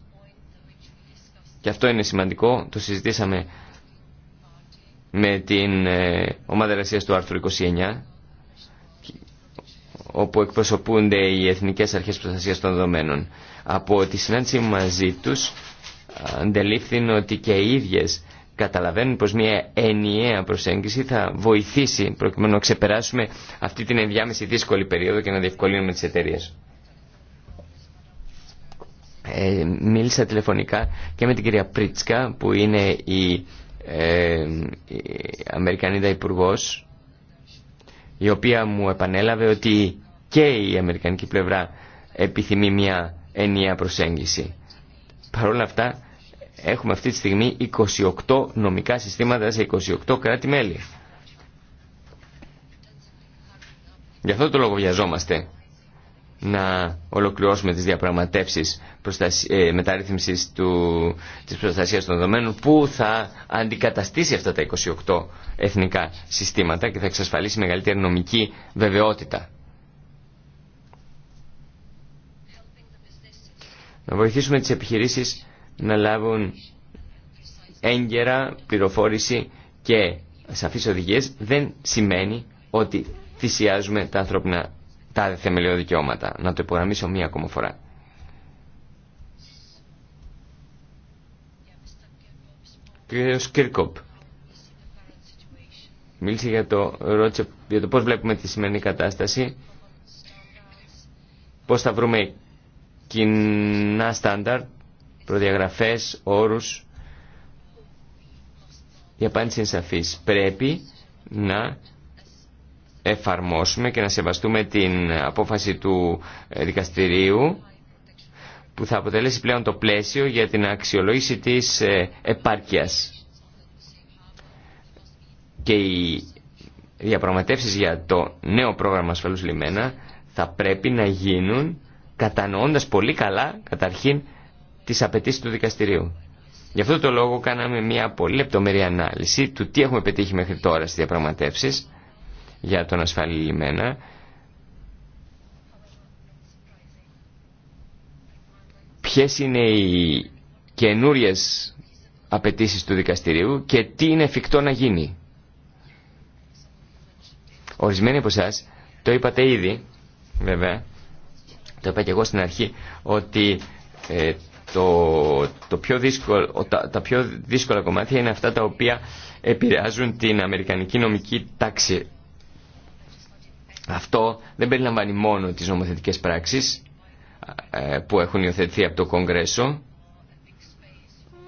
και αυτό είναι σημαντικό, το συζητήσαμε με την ε, ομάδα εργασία του άρθρου 29 όπου εκπροσωπούνται οι Εθνικές Αρχές Προστασίας των Δεδομένων. Από τη συνάντηση μαζί τους αντελήφθην ότι και οι ίδιες καταλαβαίνουν πως μια ενιαία προσέγγιση θα βοηθήσει προκειμένου να ξεπεράσουμε αυτή την ενδιάμεση δύσκολη περίοδο και να διευκολύνουμε τις εταιρείες. Ε, μίλησα τηλεφωνικά και με την κυρία Πρίτσκα που είναι η ε, Αμερικανίδα υπουργό, η οποία μου επανέλαβε ότι και η Αμερικανική πλευρά επιθυμεί μια ενιαία προσέγγιση. Παρ' όλα αυτά έχουμε αυτή τη στιγμή 28 νομικά συστήματα σε 28 κράτη-μέλη. Γι' αυτό το λόγο βιαζόμαστε να ολοκληρώσουμε τις διαπραγματεύσεις ε, μεταρρύθμισης του, της προστασίας των δεδομένων που θα αντικαταστήσει αυτά τα 28 εθνικά συστήματα και θα εξασφαλίσει μεγαλύτερη νομική βεβαιότητα. Να βοηθήσουμε τις επιχειρήσεις να λάβουν έγκαιρα πληροφόρηση και σαφείς οδηγίες δεν σημαίνει ότι θυσιάζουμε τα ανθρώπινα τα θεμελιώδη δικαιώματα. Να το υπογραμμίσω μία ακόμα φορά. Κύριος Κίρκοπ μίλησε για το, ρώτησε, για το πώς βλέπουμε τη σημερινή κατάσταση, πώς θα βρούμε κοινά στάνταρ, προδιαγραφές, όρους. Η απάντηση είναι σαφής. Πρέπει να εφαρμόσουμε και να σεβαστούμε την απόφαση του ε, δικαστηρίου που θα αποτελέσει πλέον το πλαίσιο για την αξιολόγηση της ε, επάρκειας. Και οι διαπραγματεύσεις για το νέο πρόγραμμα ασφαλούς λιμένα θα πρέπει να γίνουν κατανοώντας πολύ καλά καταρχήν τις απαιτήσεις του δικαστηρίου. Γι' αυτό το λόγο κάναμε μια πολύ λεπτομερή ανάλυση του τι έχουμε πετύχει μέχρι τώρα στις διαπραγματεύσεις για τον ασφαλή λιμένα. Ποιες είναι οι καινούριε απαιτήσει του δικαστηρίου και τι είναι εφικτό να γίνει. Ορισμένοι από εσά το είπατε ήδη, βέβαια, το είπα και εγώ στην αρχή, ότι ε, το, το πιο δύσκολο, τα πιο δύσκολα κομμάτια είναι αυτά τα οποία επηρεάζουν την αμερικανική νομική τάξη αυτό δεν περιλαμβάνει μόνο τις νομοθετικές πράξεις ε, που έχουν υιοθετηθεί από το Κογκρέσο,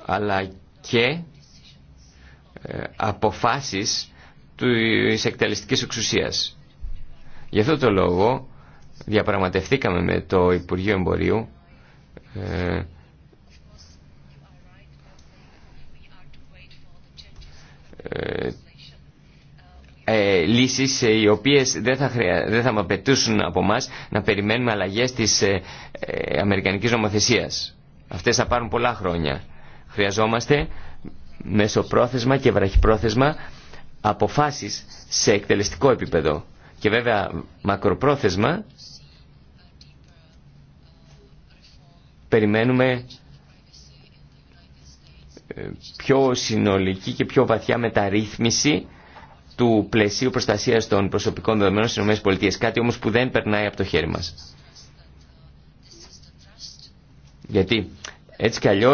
αλλά και ε, αποφάσεις της εκτελεστικής εξουσίας. Γι' αυτό το λόγο διαπραγματευθήκαμε με το Υπουργείο Εμπορίου ε, ε, λύσεις ε, οι οποίες δεν θα, χρεια... απαιτούσουν από εμά να περιμένουμε αλλαγές της ε, ε, αμερικανικής νομοθεσίας. Αυτές θα πάρουν πολλά χρόνια. Χρειαζόμαστε μεσοπρόθεσμα και βραχυπρόθεσμα αποφάσεις σε εκτελεστικό επίπεδο. Και βέβαια μακροπρόθεσμα περιμένουμε ε, πιο συνολική και πιο βαθιά μεταρρύθμιση του πλαισίου προστασία των προσωπικών δεδομένων στι ΗΠΑ. Κάτι όμω που δεν περνάει από το χέρι μα. Γιατί έτσι κι αλλιώ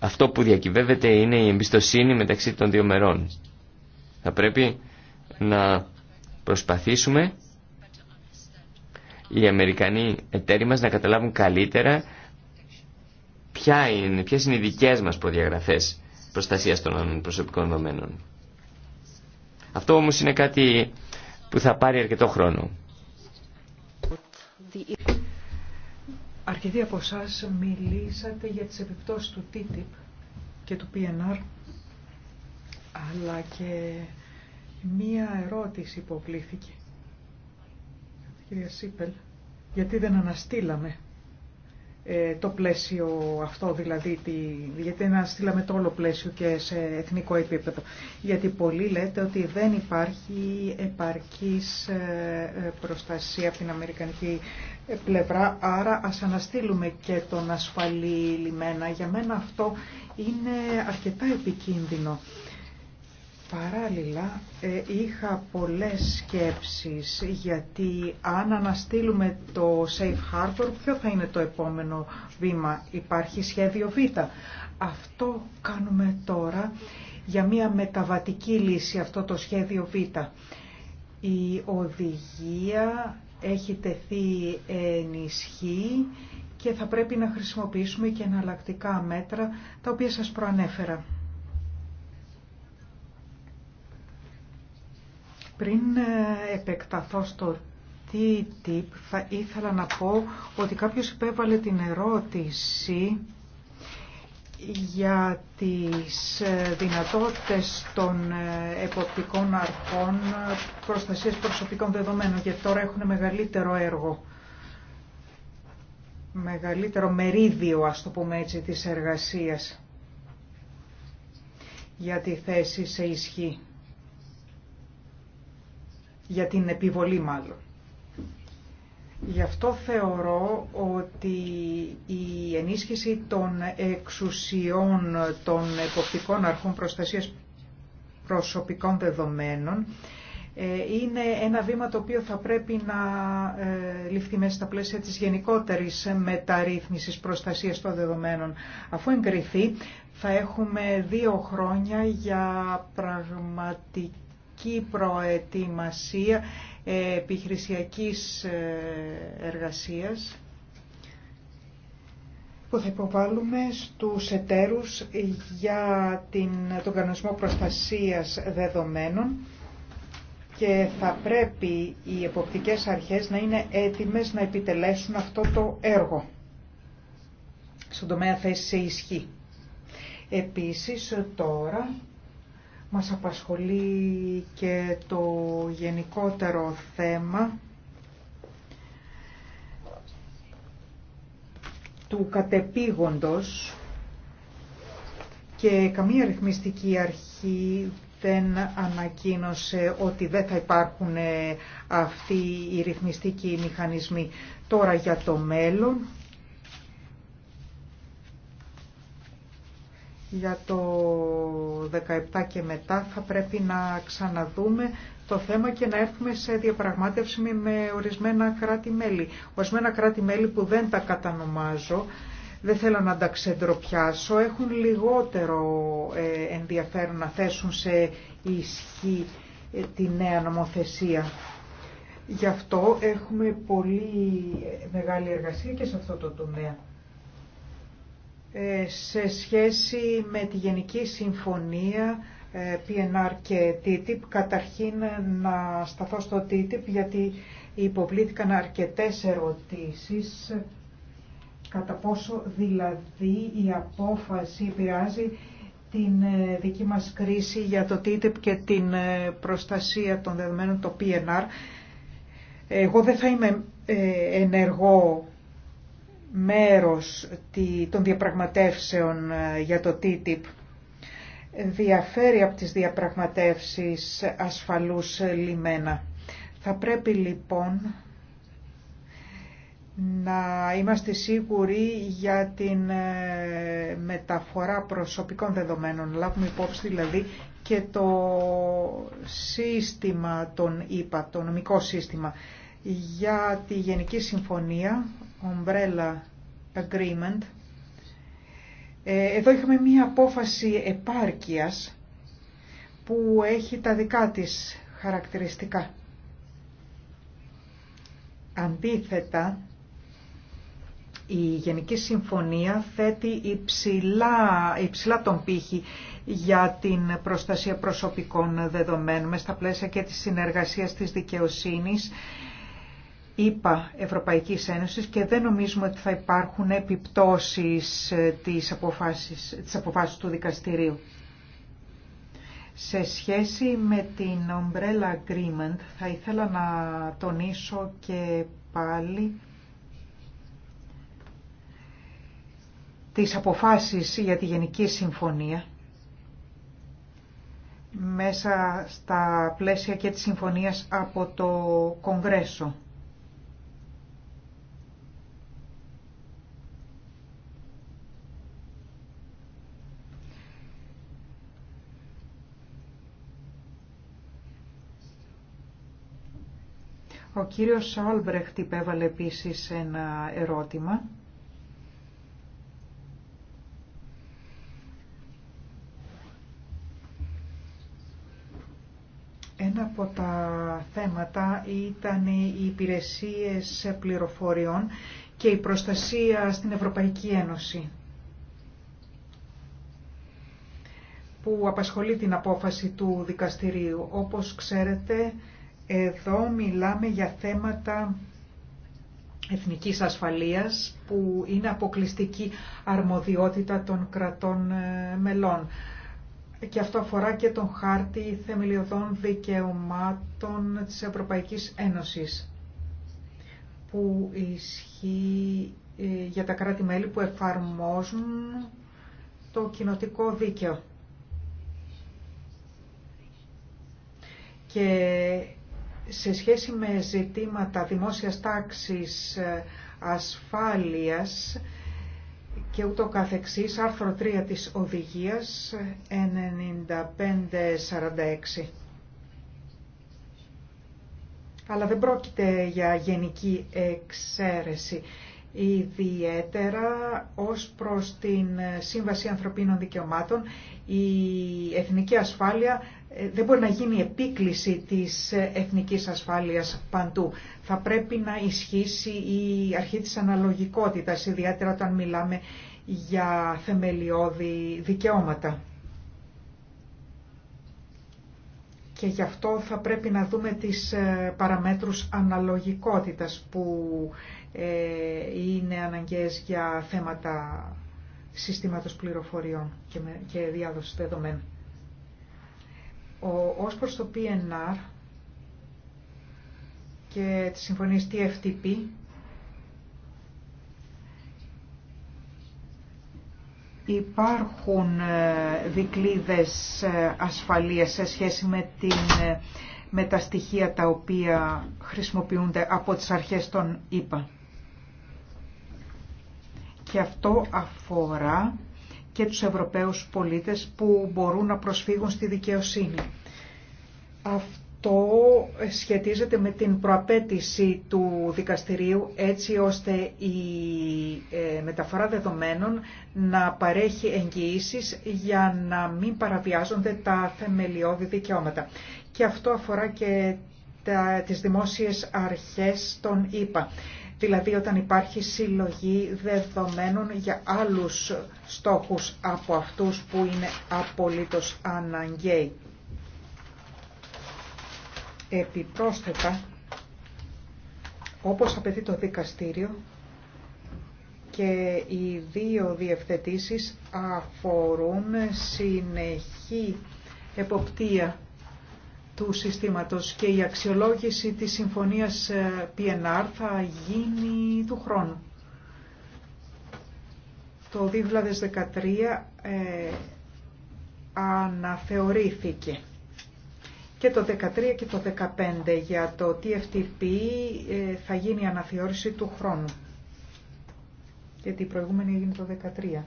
αυτό που διακυβεύεται είναι η εμπιστοσύνη μεταξύ των δύο μερών. Θα πρέπει να προσπαθήσουμε οι Αμερικανοί εταίροι μας να καταλάβουν καλύτερα ποια είναι, ποιες είναι οι δικές μας προδιαγραφές προστασίας των προσωπικών δεδομένων. Αυτό όμως είναι κάτι που θα πάρει αρκετό χρόνο. Αρκετοί από εσά μιλήσατε για τις επιπτώσεις του TTIP και του PNR, αλλά και μία ερώτηση υποβλήθηκε. Κυρία Σίπελ, γιατί δεν αναστήλαμε ε, το πλαίσιο αυτό, δηλαδή τη, γιατί να στείλαμε το όλο πλαίσιο και σε εθνικό επίπεδο. Γιατί πολλοί λέτε ότι δεν υπάρχει επαρκής ε, ε, προστασία από την Αμερικανική πλευρά, άρα ας αναστείλουμε και τον ασφαλή λιμένα. Για μένα αυτό είναι αρκετά επικίνδυνο Παράλληλα, ε, είχα πολλές σκέψεις γιατί αν αναστείλουμε το Safe Harbor, ποιο θα είναι το επόμενο βήμα. Υπάρχει σχέδιο Β. Αυτό κάνουμε τώρα για μια μεταβατική λύση, αυτό το σχέδιο Β. Η οδηγία έχει τεθεί ενισχύ και θα πρέπει να χρησιμοποιήσουμε και εναλλακτικά μέτρα τα οποία σας προανέφερα. Πριν ε, επεκταθώ στο TTIP θα ήθελα να πω ότι κάποιος υπέβαλε την ερώτηση για τις ε, δυνατότητες των ε, εποπτικών αρχών προστασίας προσωπικών δεδομένων γιατί τώρα έχουν μεγαλύτερο έργο μεγαλύτερο μερίδιο ας το πούμε έτσι της εργασίας για τη θέση σε ισχύ για την επιβολή μάλλον. Γι' αυτό θεωρώ ότι η ενίσχυση των εξουσιών των εποπτικών αρχών προστασίας προσωπικών δεδομένων ε, είναι ένα βήμα το οποίο θα πρέπει να ε, ληφθεί μέσα στα πλαίσια της γενικότερης μεταρρύθμισης προστασίας των δεδομένων. Αφού εγκριθεί θα έχουμε δύο χρόνια για πραγματική ειδική προετοιμασία επιχειρησιακής ε, εργασίας που θα υποβάλουμε στους εταίρους για την, τον κανονισμό προστασίας δεδομένων και θα πρέπει οι εποπτικές αρχές να είναι έτοιμες να επιτελέσουν αυτό το έργο στον τομέα θέση σε ισχύ. Επίσης τώρα μας απασχολεί και το γενικότερο θέμα του κατεπήγοντος και καμία ρυθμιστική αρχή δεν ανακοίνωσε ότι δεν θα υπάρχουν αυτοί οι ρυθμιστικοί μηχανισμοί. Τώρα για το μέλλον για το 17 και μετά θα πρέπει να ξαναδούμε το θέμα και να έρθουμε σε διαπραγμάτευση με ορισμένα κράτη-μέλη. Ορισμένα κράτη-μέλη που δεν τα κατανομάζω, δεν θέλω να τα ξεντροπιάσω, έχουν λιγότερο ε, ενδιαφέρον να θέσουν σε ισχύ ε, τη νέα νομοθεσία. Γι' αυτό έχουμε πολύ μεγάλη εργασία και σε αυτό το τομέα. Ε, σε σχέση με τη Γενική Συμφωνία ε, PNR και TTIP, καταρχήν να σταθώ στο TTIP γιατί υποβλήθηκαν αρκετές ερωτήσεις κατά πόσο δηλαδή η απόφαση επηρεάζει την ε, δική μας κρίση για το TTIP και την προστασία των δεδομένων, το PNR. Εγώ δεν θα είμαι ενεργό μέρος των διαπραγματεύσεων ε, για το TTIP διαφέρει από τις διαπραγματεύσεις ασφαλούς ε, λιμένα. Θα πρέπει λοιπόν να είμαστε σίγουροι για την ε, μεταφορά προσωπικών δεδομένων. Λάβουμε υπόψη δηλαδή και το σύστημα των ΙΠΑ, το νομικό σύστημα για τη Γενική Συμφωνία Umbrella Agreement, ε, εδώ είχαμε μία απόφαση επάρκειας που έχει τα δικά της χαρακτηριστικά. Αντίθετα, η Γενική Συμφωνία θέτει υψηλά, υψηλά τον πύχη για την προστασία προσωπικών δεδομένων στα πλαίσια και της συνεργασίας της δικαιοσύνης ήπα Ευρωπαϊκής Ένωσης και δεν νομίζουμε ότι θα υπάρχουν επιπτώσεις ε, της αποφάσεις της του δικαστηρίου. Σε σχέση με την Umbrella Agreement θα ήθελα να τονίσω και πάλι τις αποφάσεις για τη Γενική Συμφωνία μέσα στα πλαίσια και της συμφωνίας από το Κογκρέσο. Ο κύριος Σόλμπρεχτ υπέβαλε επίσης ένα ερώτημα. Ένα από τα θέματα ήταν οι υπηρεσίες πληροφοριών και η προστασία στην Ευρωπαϊκή Ένωση που απασχολεί την απόφαση του δικαστηρίου. Όπως ξέρετε, εδώ μιλάμε για θέματα εθνικής ασφαλείας που είναι αποκλειστική αρμοδιότητα των κρατών ε, μελών. Και αυτό αφορά και τον χάρτη θεμελιωδών δικαιωμάτων της Ευρωπαϊκής Ένωσης που ισχύει ε, για τα κράτη-μέλη που εφαρμόζουν το κοινοτικό δίκαιο. Και σε σχέση με ζητήματα δημόσιας τάξης ε, ασφάλειας και ούτω καθεξής, άρθρο 3 της οδηγίας 9546. Αλλά δεν πρόκειται για γενική εξαίρεση ιδιαίτερα ως προς την Σύμβαση Ανθρωπίνων Δικαιωμάτων. Η εθνική ασφάλεια ε, δεν μπορεί να γίνει επίκληση της εθνικής ασφάλειας παντού. Θα πρέπει να ισχύσει η αρχή της αναλογικότητας, ιδιαίτερα όταν μιλάμε για θεμελιώδη δικαιώματα. και γι' αυτό θα πρέπει να δούμε τις ε, παραμέτρους αναλογικότητας που ε, είναι αναγκαίες για θέματα συστήματος πληροφοριών και διάδοσης δεδομένων. Ο, ως προς το PNR και τις συμφωνίες TFTP υπάρχουν ε, δικλίδες ε, ασφαλείας σε σχέση με, την, ε, τα στοιχεία τα οποία χρησιμοποιούνται από τις αρχές των ΙΠΑ. Και αυτό αφορά και τους Ευρωπαίους πολίτες που μπορούν να προσφύγουν στη δικαιοσύνη. Αυτό το σχετίζεται με την προαπέτηση του δικαστηρίου έτσι ώστε η ε, μεταφορά δεδομένων να παρέχει εγγυήσεις για να μην παραβιάζονται τα θεμελιώδη δικαιώματα. Και αυτό αφορά και τα, τις δημόσιες αρχές των ΗΠΑ. Δηλαδή όταν υπάρχει συλλογή δεδομένων για άλλους στόχους από αυτούς που είναι απολύτως αναγκαίοι επιπρόσθετα, όπως απαιτεί το δικαστήριο, και οι δύο διευθετήσεις αφορούν συνεχή εποπτεία του συστήματος και η αξιολόγηση της συμφωνίας ε, PNR θα γίνει του χρόνου. Το 2013 ε, αναθεωρήθηκε και το 13 και το 15 για το TFTP ε, θα γίνει η αναθεώρηση του χρόνου. Γιατί η προηγούμενη έγινε το 13.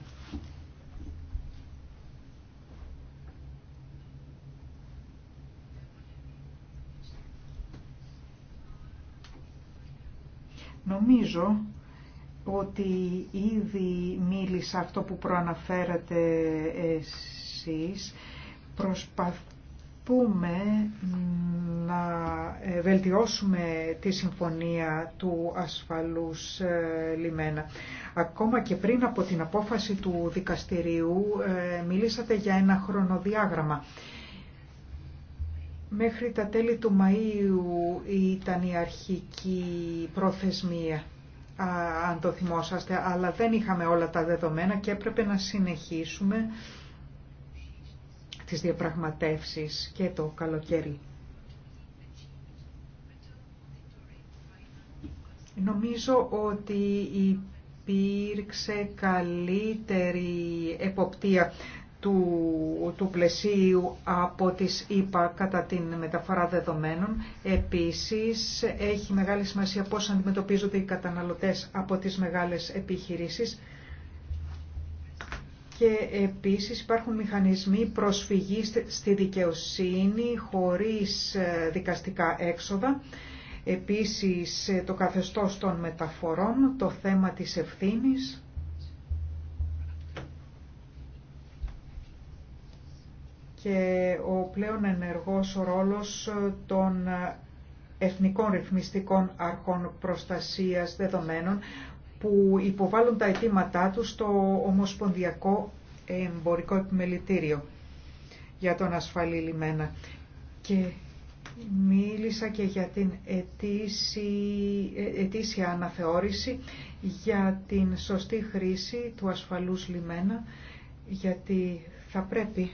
Νομίζω ότι ήδη μίλησα αυτό που προαναφέρατε εσείς. Προσπαθ, πούμε να ε, βελτιώσουμε τη συμφωνία του ασφαλούς ε, λιμένα. Ακόμα και πριν από την απόφαση του δικαστηρίου ε, μιλήσατε για ένα χρονοδιάγραμμα. Μέχρι τα τέλη του Μαΐου ήταν η αρχική προθεσμία, αν το θυμόσαστε, αλλά δεν είχαμε όλα τα δεδομένα και έπρεπε να συνεχίσουμε τις διαπραγματεύσεις και το καλοκαίρι. Νομίζω ότι υπήρξε καλύτερη εποπτεία του, του πλαισίου από τις ΕΠΑ κατά την μεταφορά δεδομένων. Επίσης, έχει μεγάλη σημασία πώς αντιμετωπίζονται οι καταναλωτές από τις μεγάλες επιχειρήσεις και επίσης υπάρχουν μηχανισμοί προσφυγής στη δικαιοσύνη χωρίς ε, δικαστικά έξοδα. Επίσης ε, το καθεστώς των μεταφορών, το θέμα της ευθύνης. και ο πλέον ενεργός ρόλος ε, των εθνικών ρυθμιστικών αρχών προστασίας δεδομένων που υποβάλλουν τα αιτήματά τους στο Ομοσπονδιακό Εμπορικό Επιμελητήριο για τον ασφαλή λιμένα. Και μίλησα και για την ετήσια αναθεώρηση για την σωστή χρήση του ασφαλούς λιμένα γιατί θα πρέπει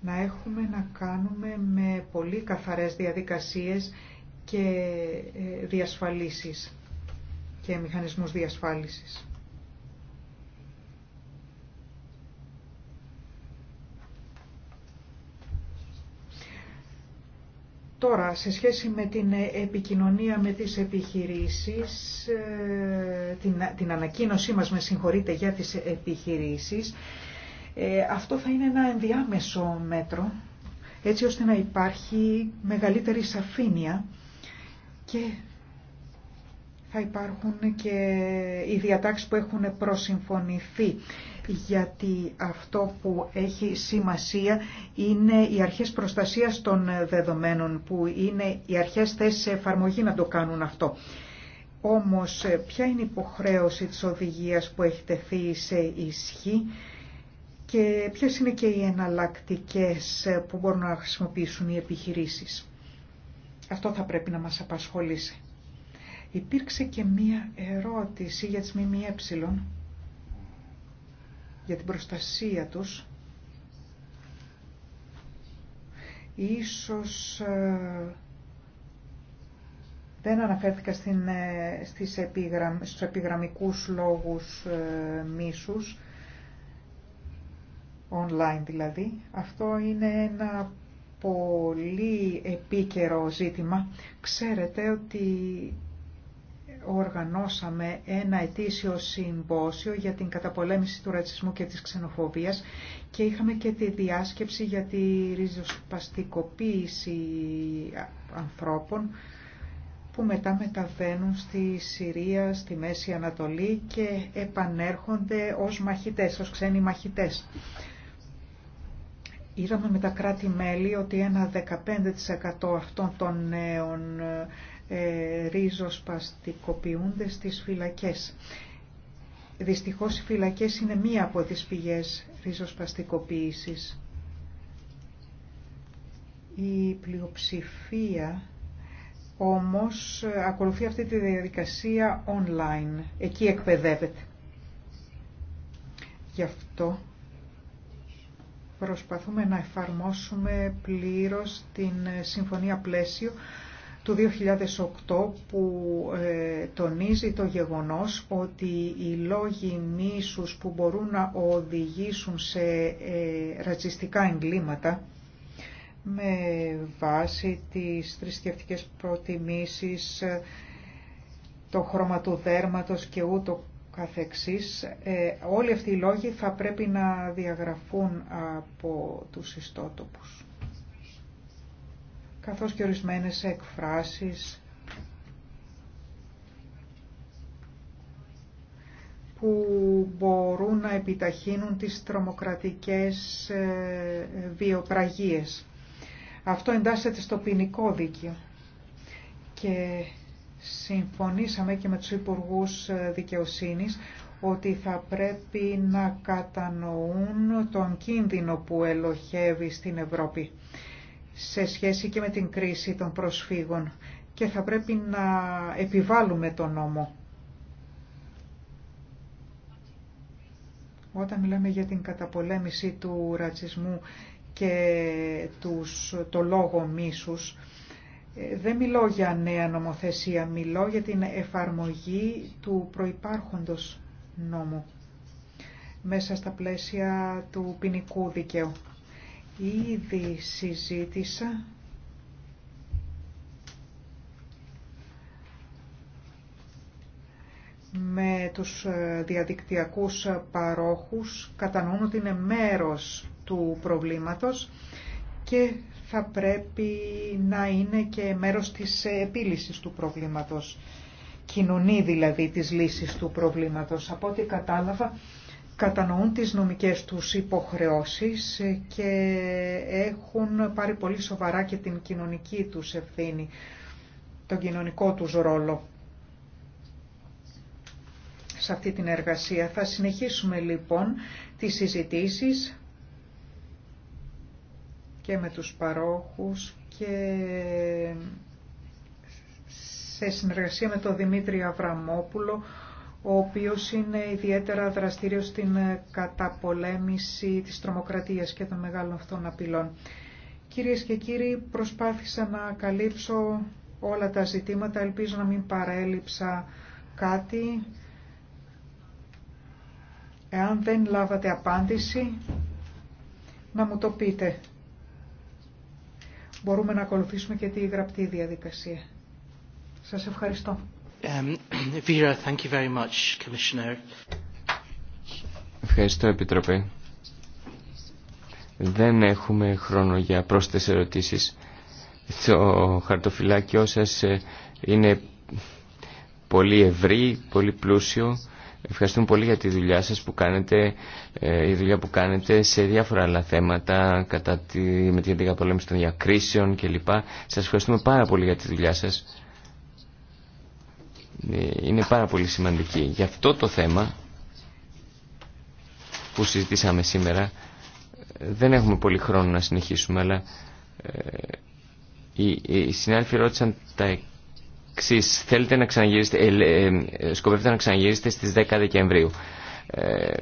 να έχουμε να κάνουμε με πολύ καθαρές διαδικασίες και ε, διασφαλίσεις και μηχανισμούς διασφάλισης. Τώρα, σε σχέση με την επικοινωνία με τις επιχειρήσεις, ε, την, την ανακοίνωσή μας, με συγχωρείτε, για τις επιχειρήσεις, ε, αυτό θα είναι ένα ενδιάμεσο μέτρο, έτσι ώστε να υπάρχει μεγαλύτερη σαφήνεια και θα υπάρχουν και οι διατάξεις που έχουν προσυμφωνηθεί γιατί αυτό που έχει σημασία είναι οι αρχές προστασίας των δεδομένων που είναι οι αρχές θέσεις εφαρμογή να το κάνουν αυτό. Όμως ποια είναι η υποχρέωση της οδηγίας που έχει τεθεί σε ισχύ και ποιες είναι και οι εναλλακτικές που μπορούν να χρησιμοποιήσουν οι επιχειρήσεις. Αυτό θα πρέπει να μας απασχολήσει. Υπήρξε και μία ερώτηση για τις ΜΜΕ, για την προστασία τους. Ίσως ε, δεν αναφέρθηκα στην, ε, στις επίγραμ, στους επιγραμμικούς λόγους ε, μίσους, online δηλαδή. Αυτό είναι ένα πολύ επίκαιρο ζήτημα. Ξέρετε ότι οργανώσαμε ένα ετήσιο συμπόσιο για την καταπολέμηση του ρατσισμού και της ξενοφοβίας και είχαμε και τη διάσκεψη για τη ριζοσπαστικοποίηση ανθρώπων που μετά μεταβαίνουν στη Συρία, στη Μέση Ανατολή και επανέρχονται ως μαχητές, ως ξένοι μαχητές. Είδαμε με τα κράτη-μέλη ότι ένα 15% αυτών των νέων ε, ρίζοσπαστικοποιούνται στις φυλακές. Δυστυχώς οι φυλακές είναι μία από τις πηγές ριζοσπαστικοποίησης. Η πλειοψηφία όμως ακολουθεί αυτή τη διαδικασία online. Εκεί εκπαιδεύεται. Γι' αυτό προσπαθούμε να εφαρμόσουμε πλήρως την συμφωνία πλαίσιο του 2008 που ε, τονίζει το γεγονός ότι οι λόγοι μίσους που μπορούν να οδηγήσουν σε ε, ρατσιστικά εγκλήματα με βάση τις θρησκευτικέ προτιμήσεις, ε, το χρώμα του δέρματος και ούτω καθεξής, όλοι αυτοί οι λόγοι θα πρέπει να διαγραφούν από τους ιστότοπους καθώς και ορισμένες εκφράσεις που μπορούν να επιταχύνουν τις τρομοκρατικές ε, βιοπραγίες. Αυτό εντάσσεται στο ποινικό δίκαιο και συμφωνήσαμε και με τους Υπουργούς ε, Δικαιοσύνης ότι θα πρέπει να κατανοούν τον κίνδυνο που ελοχεύει στην Ευρώπη σε σχέση και με την κρίση των προσφύγων και θα πρέπει να επιβάλλουμε τον νόμο. Όταν μιλάμε για την καταπολέμηση του ρατσισμού και τους, το λόγο μίσους, ε, δεν μιλώ για νέα νομοθεσία, μιλώ για την εφαρμογή του προϋπάρχοντος νόμου μέσα στα πλαίσια του ποινικού δικαίου. Ήδη συζήτησα με τους ε, διαδικτυακούς παρόχους κατανοούν ότι είναι μέρος του προβλήματος και θα πρέπει να είναι και μέρος της επίλυσης του προβλήματος. Κοινωνεί δηλαδή της λύσης του προβλήματος. Από ό,τι κατάλαβα κατανοούν τις νομικές τους υποχρεώσεις και έχουν πάρει πολύ σοβαρά και την κοινωνική τους ευθύνη, τον κοινωνικό τους ρόλο σε αυτή την εργασία. Θα συνεχίσουμε λοιπόν τις συζητήσεις και με τους παρόχους και σε συνεργασία με τον Δημήτρη Αβραμόπουλο, ο οποίος είναι ιδιαίτερα δραστήριος στην καταπολέμηση της τρομοκρατίας και των μεγάλων αυτών απειλών. Κυρίες και κύριοι, προσπάθησα να καλύψω όλα τα ζητήματα, ελπίζω να μην παρέλειψα κάτι. Εάν δεν λάβατε απάντηση, να μου το πείτε. Μπορούμε να ακολουθήσουμε και τη γραπτή διαδικασία. Σας ευχαριστώ. Um, Ευχαριστώ, Επιτροπέ. Δεν έχουμε χρόνο για πρόσθετες ερωτήσεις. Το χαρτοφυλάκιό σας ε, είναι πολύ ευρύ, πολύ πλούσιο. Ευχαριστούμε πολύ για τη δουλειά σας που κάνετε, ε, η δουλειά που κάνετε σε διάφορα άλλα θέματα κατά τη, με την αντίγραφη των διακρίσεων κλπ. Σας ευχαριστούμε πάρα πολύ για τη δουλειά σας είναι πάρα πολύ σημαντική. Γι' αυτό το θέμα που συζητήσαμε σήμερα ε, δεν έχουμε πολύ χρόνο να συνεχίσουμε, αλλά ε, οι, οι συνάδελφοι ρώτησαν τα εξής. Θέλετε να ξαναγυρίσετε, ε, ε σκοπεύετε να ξαναγυρίσετε στις 10 Δεκεμβρίου. Ε,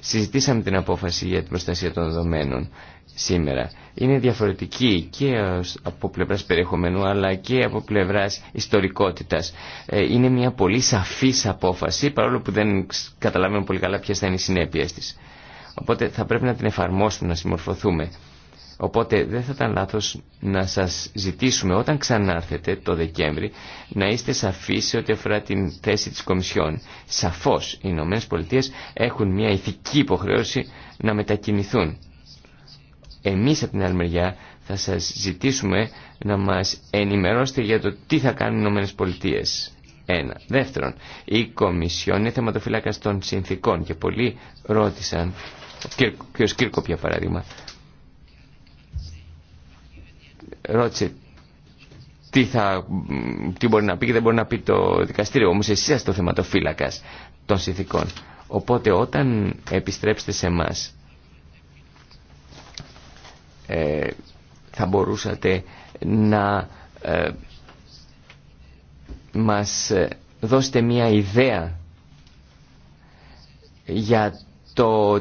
συζητήσαμε την απόφαση για την προστασία των δεδομένων σήμερα. Είναι διαφορετική και από πλευράς περιεχομένου αλλά και από πλευράς ιστορικότητας. Ε, είναι μια πολύ σαφής απόφαση παρόλο που δεν καταλαβαίνουμε πολύ καλά ποιες θα είναι οι συνέπειες της. Οπότε θα πρέπει να την εφαρμόσουμε, να συμμορφωθούμε. Οπότε δεν θα ήταν λάθος να σας ζητήσουμε όταν ξανάρθετε το Δεκέμβρη να είστε σαφείς σε ό,τι αφορά την θέση της Κομισιόν. Σαφώς οι Ηνωμένες Πολιτείες έχουν μια ηθική υποχρέωση να μετακινηθούν. Εμείς από την άλλη μεριά θα σας ζητήσουμε να μας ενημερώσετε για το τι θα κάνουν οι Ηνωμένες Ένα. Δεύτερον, η Κομισιόν είναι θεματοφυλάκας των συνθήκων και πολλοί ρώτησαν, και ο Σκύρκο για παράδειγμα, ρώτησε τι, θα, τι μπορεί να πει και δεν μπορεί να πει το δικαστήριο. Όμως εσείς είστε ο θεματοφύλακας των συνθήκων. Οπότε όταν επιστρέψετε σε εμάς ε, θα μπορούσατε να ε, μας δώσετε μια ιδέα για το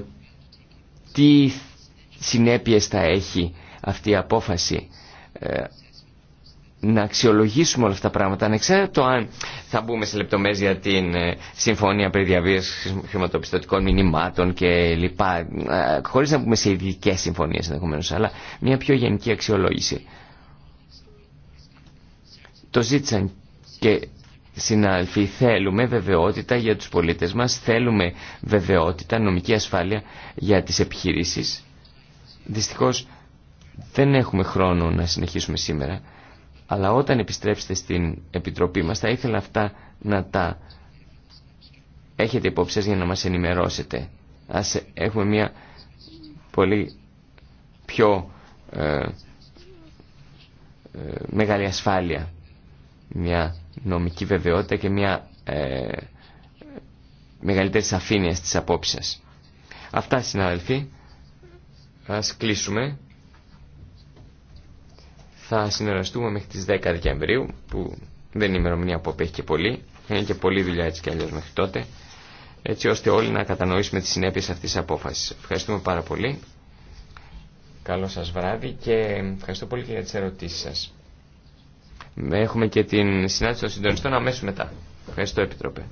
τι συνέπειες θα έχει αυτή η απόφαση ε, να αξιολογήσουμε όλα αυτά τα πράγματα, το αν θα μπούμε σε λεπτομέρειες για την ε, συμφωνία περί διαβίωσης χρηματοπιστωτικών μηνυμάτων και λοιπά, ε, χωρίς να μπούμε σε ειδικέ συμφωνίες ενδεχομένω, αλλά μια πιο γενική αξιολόγηση. Το ζήτησαν και συνάλφοι, θέλουμε βεβαιότητα για τους πολίτες μας, θέλουμε βεβαιότητα, νομική ασφάλεια για τις επιχειρήσεις. Δυστυχώς δεν έχουμε χρόνο να συνεχίσουμε σήμερα αλλά όταν επιστρέψετε στην Επιτροπή μας θα ήθελα αυτά να τα έχετε υπόψη για να μας ενημερώσετε. Ας έχουμε μια πολύ πιο ε, ε μεγάλη ασφάλεια, μια νομική βεβαιότητα και μια ε, μεγαλύτερη σαφήνεια στις απόψεις σας. Αυτά συναδελφοί, ας κλείσουμε. Θα συνεργαστούμε μέχρι τις 10 Δεκεμβρίου, που δεν είναι ημερομηνία που απέχει και πολύ. Είναι και πολλή δουλειά έτσι κι αλλιώς μέχρι τότε. Έτσι ώστε όλοι να κατανοήσουμε τις συνέπειες αυτής της απόφασης. Ευχαριστούμε πάρα πολύ. Καλό σας βράδυ και ευχαριστώ πολύ και για τις ερωτήσεις σας. Έχουμε και την συνάντηση των συντονιστών αμέσως μετά. Ευχαριστώ Επιτροπέ.